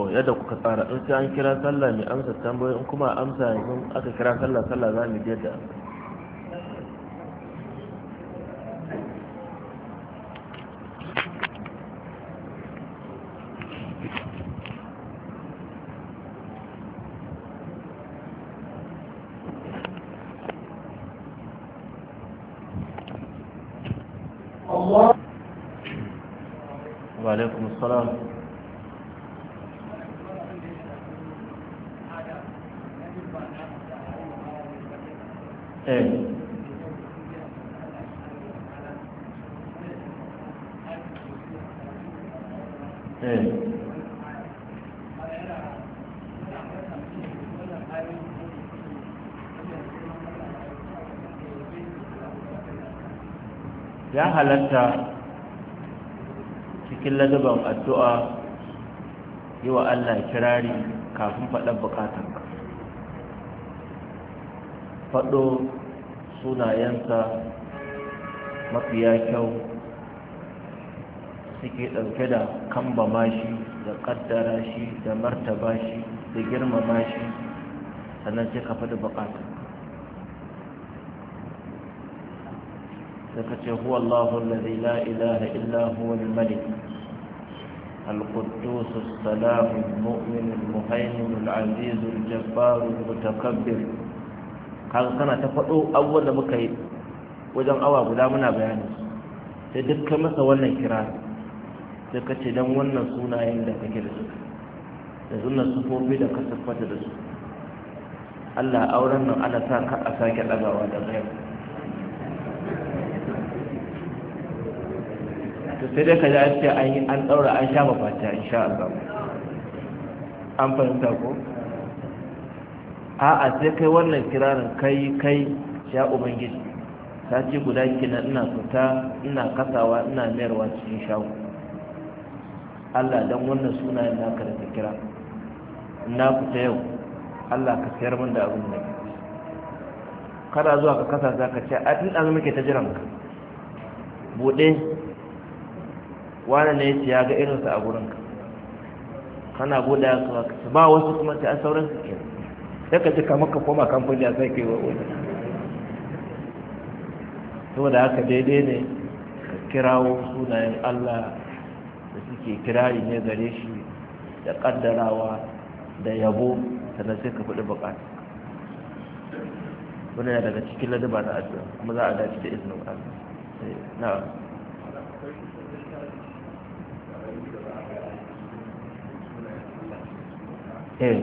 to yadda kuka tsara in sai an kira sallah mai amsa tambayoyi in kuma amsa in aka kira sallah sallah za mu je da Allah. Wa alaikum salam. halatta cikin ladaban addu'a yi wa Allah kirari kafin faɗar ka faɗo sunayensa mafiya kyau suke ɗauke da kambama shi da ƙaddara shi da martaba shi da girmama shi sannan sai ka faɗi buƙatar. سكتي هو الله الذي لا إله إلا هو الملك القدوس السلام المؤمن المهيمن العزيز الجبار المتكبر kaga kana ta faɗo abubuwan da muka yi wajen awa guda muna bayani sai duk ka masa wannan kira sai ka ce don wannan sunayen da kake da su da sunan sufofi da ka siffata da su Allah auren nan ana sa ka a sake ɗagawa da zai to sai dai ka ji an ce an yi an ɗaura an sha mafata in sha Allah an fahimta ko a'a sai kai wannan kirarin kai kai sha ubangiji ta ce guda kina ina fita ina kasawa ina mayarwa cikin shago Allah dan wannan sunayen naka da ta kira na fita yau Allah ka sayar min da abin nan kada zuwa ka kasa za ka ce a tun ɗazu muke ta jiran ka buɗe wani ne ya ga irinsa a gurin ka kana buɗe ka ba wasu kuma ta a sauran su ke sai ka ji kamar ka koma kamfani a sai kai wa wani da haka daidai ne ka kirawo sunayen Allah da suke kirari ne gare shi da kaddarawa da yabo sannan sai ka faɗi bukata wannan daga cikin ladaba na addu'a kuma za a dace da izinin Allah eh, na'am Eh.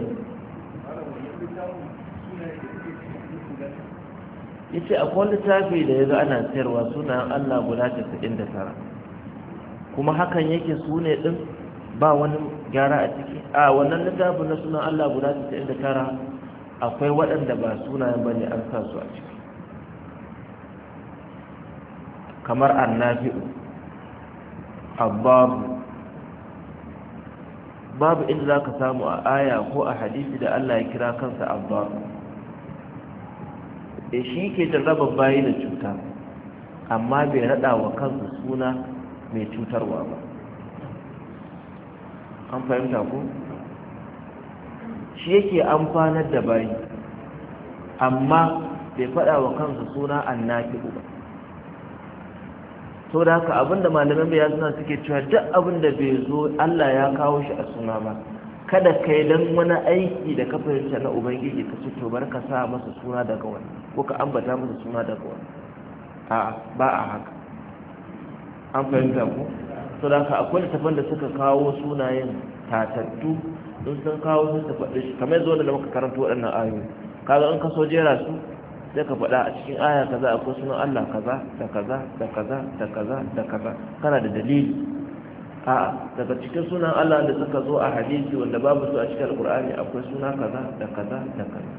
ya ce akwai littafi da ya zo ana sayarwa sunayen allah guda tara, kuma hakan yake sune din ba wani gyara a ciki a wannan littafin na sunan allah guda tara, akwai waɗanda ba sunayen ba ne an sa su a ciki kamar annabi'u abbaru babu inda za ka samu a aya ko a hadisi da Allah ya kira kansa abba da eh, shi ke jarraba bayi da cuta amma bai rada wa kansa suna mai cutarwa ba an fahimta ku? shi yake amfanar da bayi amma bai fada wa kansa suna annafi ba sau da haka abinda malaman bai suna suke cewa duk abinda bai zo Allah ya kawo shi a suna ba kada kai dan wani aiki da ka fahimta na ubangiji ka ce to bar ka sa masa suna daga wani ko ka ambata masa suna daga wani a'a ba a haka an fahimta ko sau da haka akwai littafan da suka kawo sunayen tatattu don sun kawo sun faɗi shi kamar zo da muka karanta waɗannan ayoyi kaga in ka so jera su sai ka faɗa a cikin aya kaza akwai sunan Allah kaza da kaza da kaza da kaza da kaza kana da dalili a daga cikin sunan Allah da suka zo a hadisi wanda babu su a cikin alkur'ani akwai suna kaza da kaza da kaza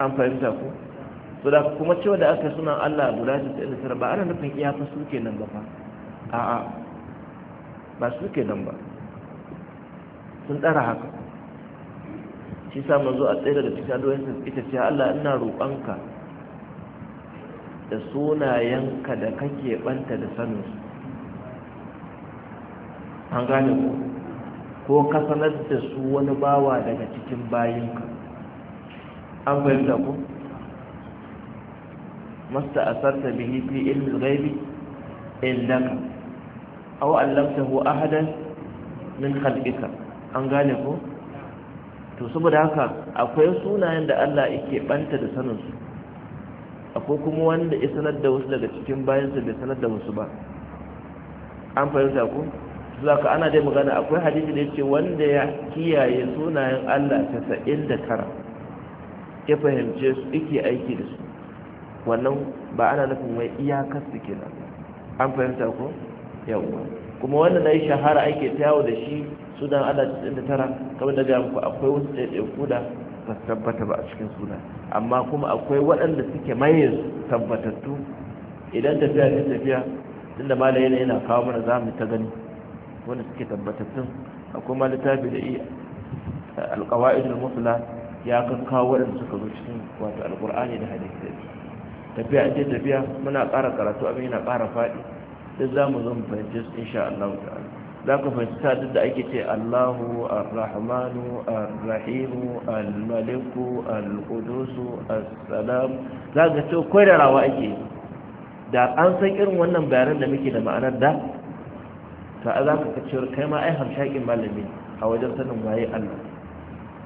an fahimta ku so da kuma cewa da aka sunan Allah guda ina ba ana nufin iya fa suke nan ba fa a'a ba suke nan ba sun tsara haka shi sa manzo a tsaye da cikin addu'o'in ita ce Allah ina roƙonka da sunayenka da kake banta da sanin su an gane ku ko ka sanar da su wani bawa daga cikin bayinka an bayyana ku masta asarta bihi fi ilmin gaibi illaka aw allamtahu ahadan min khalqika an gane ku to saboda haka akwai sunayen da Allah yake banta da saninsu akwai kuma wanda ya sanar da wasu daga cikin bayansa bai sanar da wasu ba an fahimta ku za ka ana dai magana akwai hadisi da yace wanda ya kiyaye sunayen Allah da tara, ya fahimce su yake aiki da su wannan ba ana nufin wai iyakar su kenan an fahimta ku yawon kuma wannan na yi shahara ake yawo da shi sunan ana cikin da tara kamar da gaya akwai wasu ɗaiɗaiku da ba su tabbata ba a cikin suna amma kuma akwai waɗanda suke maye tabbatattu idan tafiya ne tafiya tunda ma da yana kawo mana za mu ta gani wanda suke tabbatattun akwai ma littafi da iya alƙawa'idul musula ya kan kawo waɗanda suka zo cikin wato alƙur'ani da hadisi tafiya an ce tafiya muna ƙara karatu abin yana ƙara faɗi duk za mu zo mu fahimci insha Allah ta'ala za ka fahimci ta duk da ake ce allahu arrahmanu arrahimu almaliku alkudusu assalam za ka ce kwai da rawa ake da an san irin wannan bayanan da muke da ma'anar da ta za ka cewar kai ma ai hamshakin malami a wajen sanin waye allah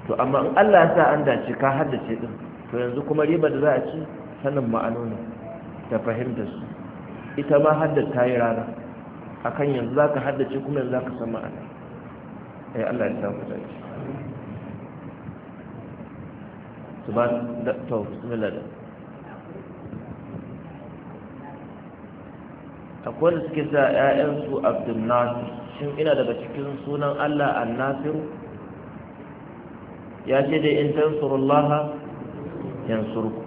to amma in allah ya sa an dace ka haddace din to yanzu kuma riba da za a ci sanin ma'anoni ta fahimta su ita ma ta yi rana akan yanzu za ka haddace kuma yanzu za ka san ma'ana ai eh, Allah ya samu da shi su ba da to akwai da suke sa 'ya'yansu Abdul Nasir ina daga cikin sunan Allah a Nasiru, ya ce da in surullaha yansurku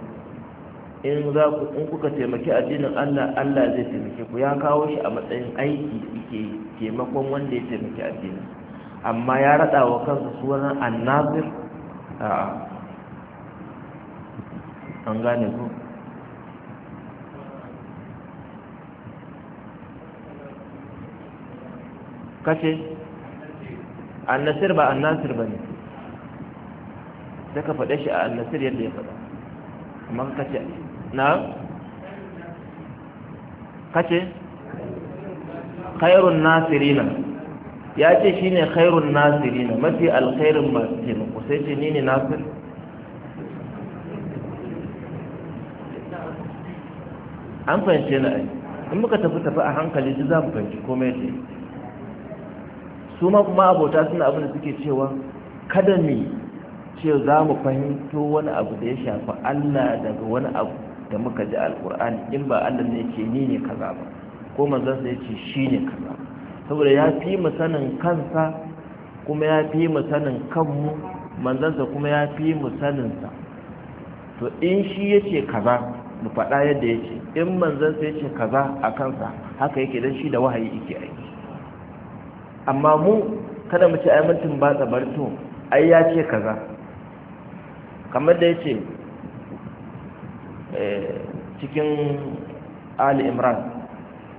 in za ku in kuka taimaki addinin Allah Allah zai taimake ku ya kawo shi a matsayin aiki yake taimakon wanda ya taimaki addinin amma ya rada wa kansa sunan annabir a an gane ku kace annasir ba annasir bane sai ka faɗe shi a annasir yadda ya faɗa amma kace na kace khairun nasirina ya ce shi ne khairun nasirina mafi alkhairun masu taimako sai ce ni ne nasir an fahimce na ai in muka tafi tafi a hankali ji za mu fahimci komai da su ma kuma abota suna abin da suke cewa kada ne ce za mu fahimto wani abu da ya shafi allah daga wani abu da muka ji alkur'ani in ba Allah ne ce ni ne kaza ba ko manzon ya yace shi ne kaza saboda ya fi mu sanin kansa kuma ya fi mu sanin kanmu sa kuma ya fi mu saninsa to in shi yace kaza mu faɗa yadda yake in manzon sa yace kaza a kansa haka yake dan shi da wahayi yake aiki amma mu kada mu ci ai ba tsabarto ai ya ce kaza kamar da ya cikin ali imran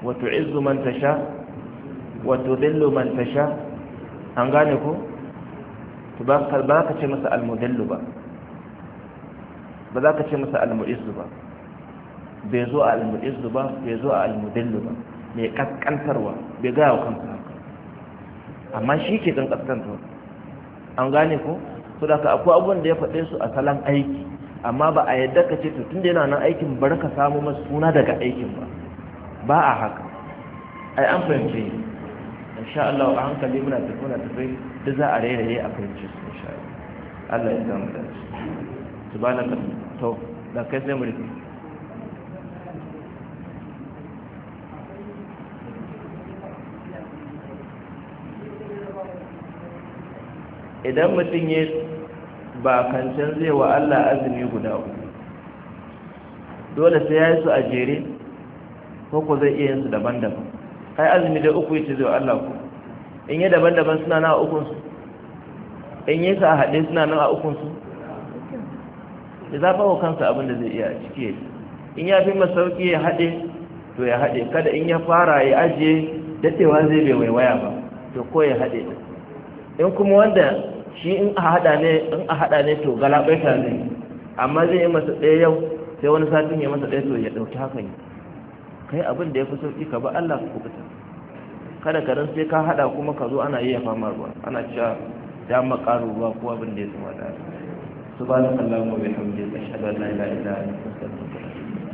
wato izu man tasha wato dillu man tasha an gane ko ba ka ce masa almudillu ba ba za ka ce masa almu'izzu ba bai zo a almu'izzu ba bai zo a almudillu ba mai kaskantarwa bai gaya wa kansa amma shi ke don kaskantarwa an gane ko su da ka akwai abubuwan da ya faɗe su a salon aiki amma ba a yadda ka ce tun da yana nan aikin bar ka samu masu suna daga aikin ba ba a haka ai an fahimce sha Allah a hankali muna tafi muna tafi da za a rairaye a fahimce su sha Allah ya samu da su ba kan to da kai sai mu idan mutum ya ba kancan zai wa Allah azumi guda uku dole sai ya yi su a jere ko ko zai iya yin su daban-daban kai azumi da uku yace zai wa Allah ku in yi daban-daban suna na ukun su in yi sa haɗe suna nan a ukun su ya zaɓa wa kansa abin da zai iya a ciki in ya fi masauki ya haɗe to ya haɗe kada in ya fara ya ajiye daɗewa zai bai waiwaya ba to ko ya haɗe in kuma wanda shi in a haɗa ne in a haɗa ne to galabaita ne amma zai yi masa ɗaya yau sai wani satin ya masa ɗaya to ya ɗauki haka ne kai abin da ya fi sauƙi ka ba Allah ku fita kada ka sai ka haɗa kuma ka zo ana yi ya fama ruwa ana cewa ya makaru ruwa ko abin da ya zama da su ba na kallon mu hamdi ashhadu an la ilaha illa anta ila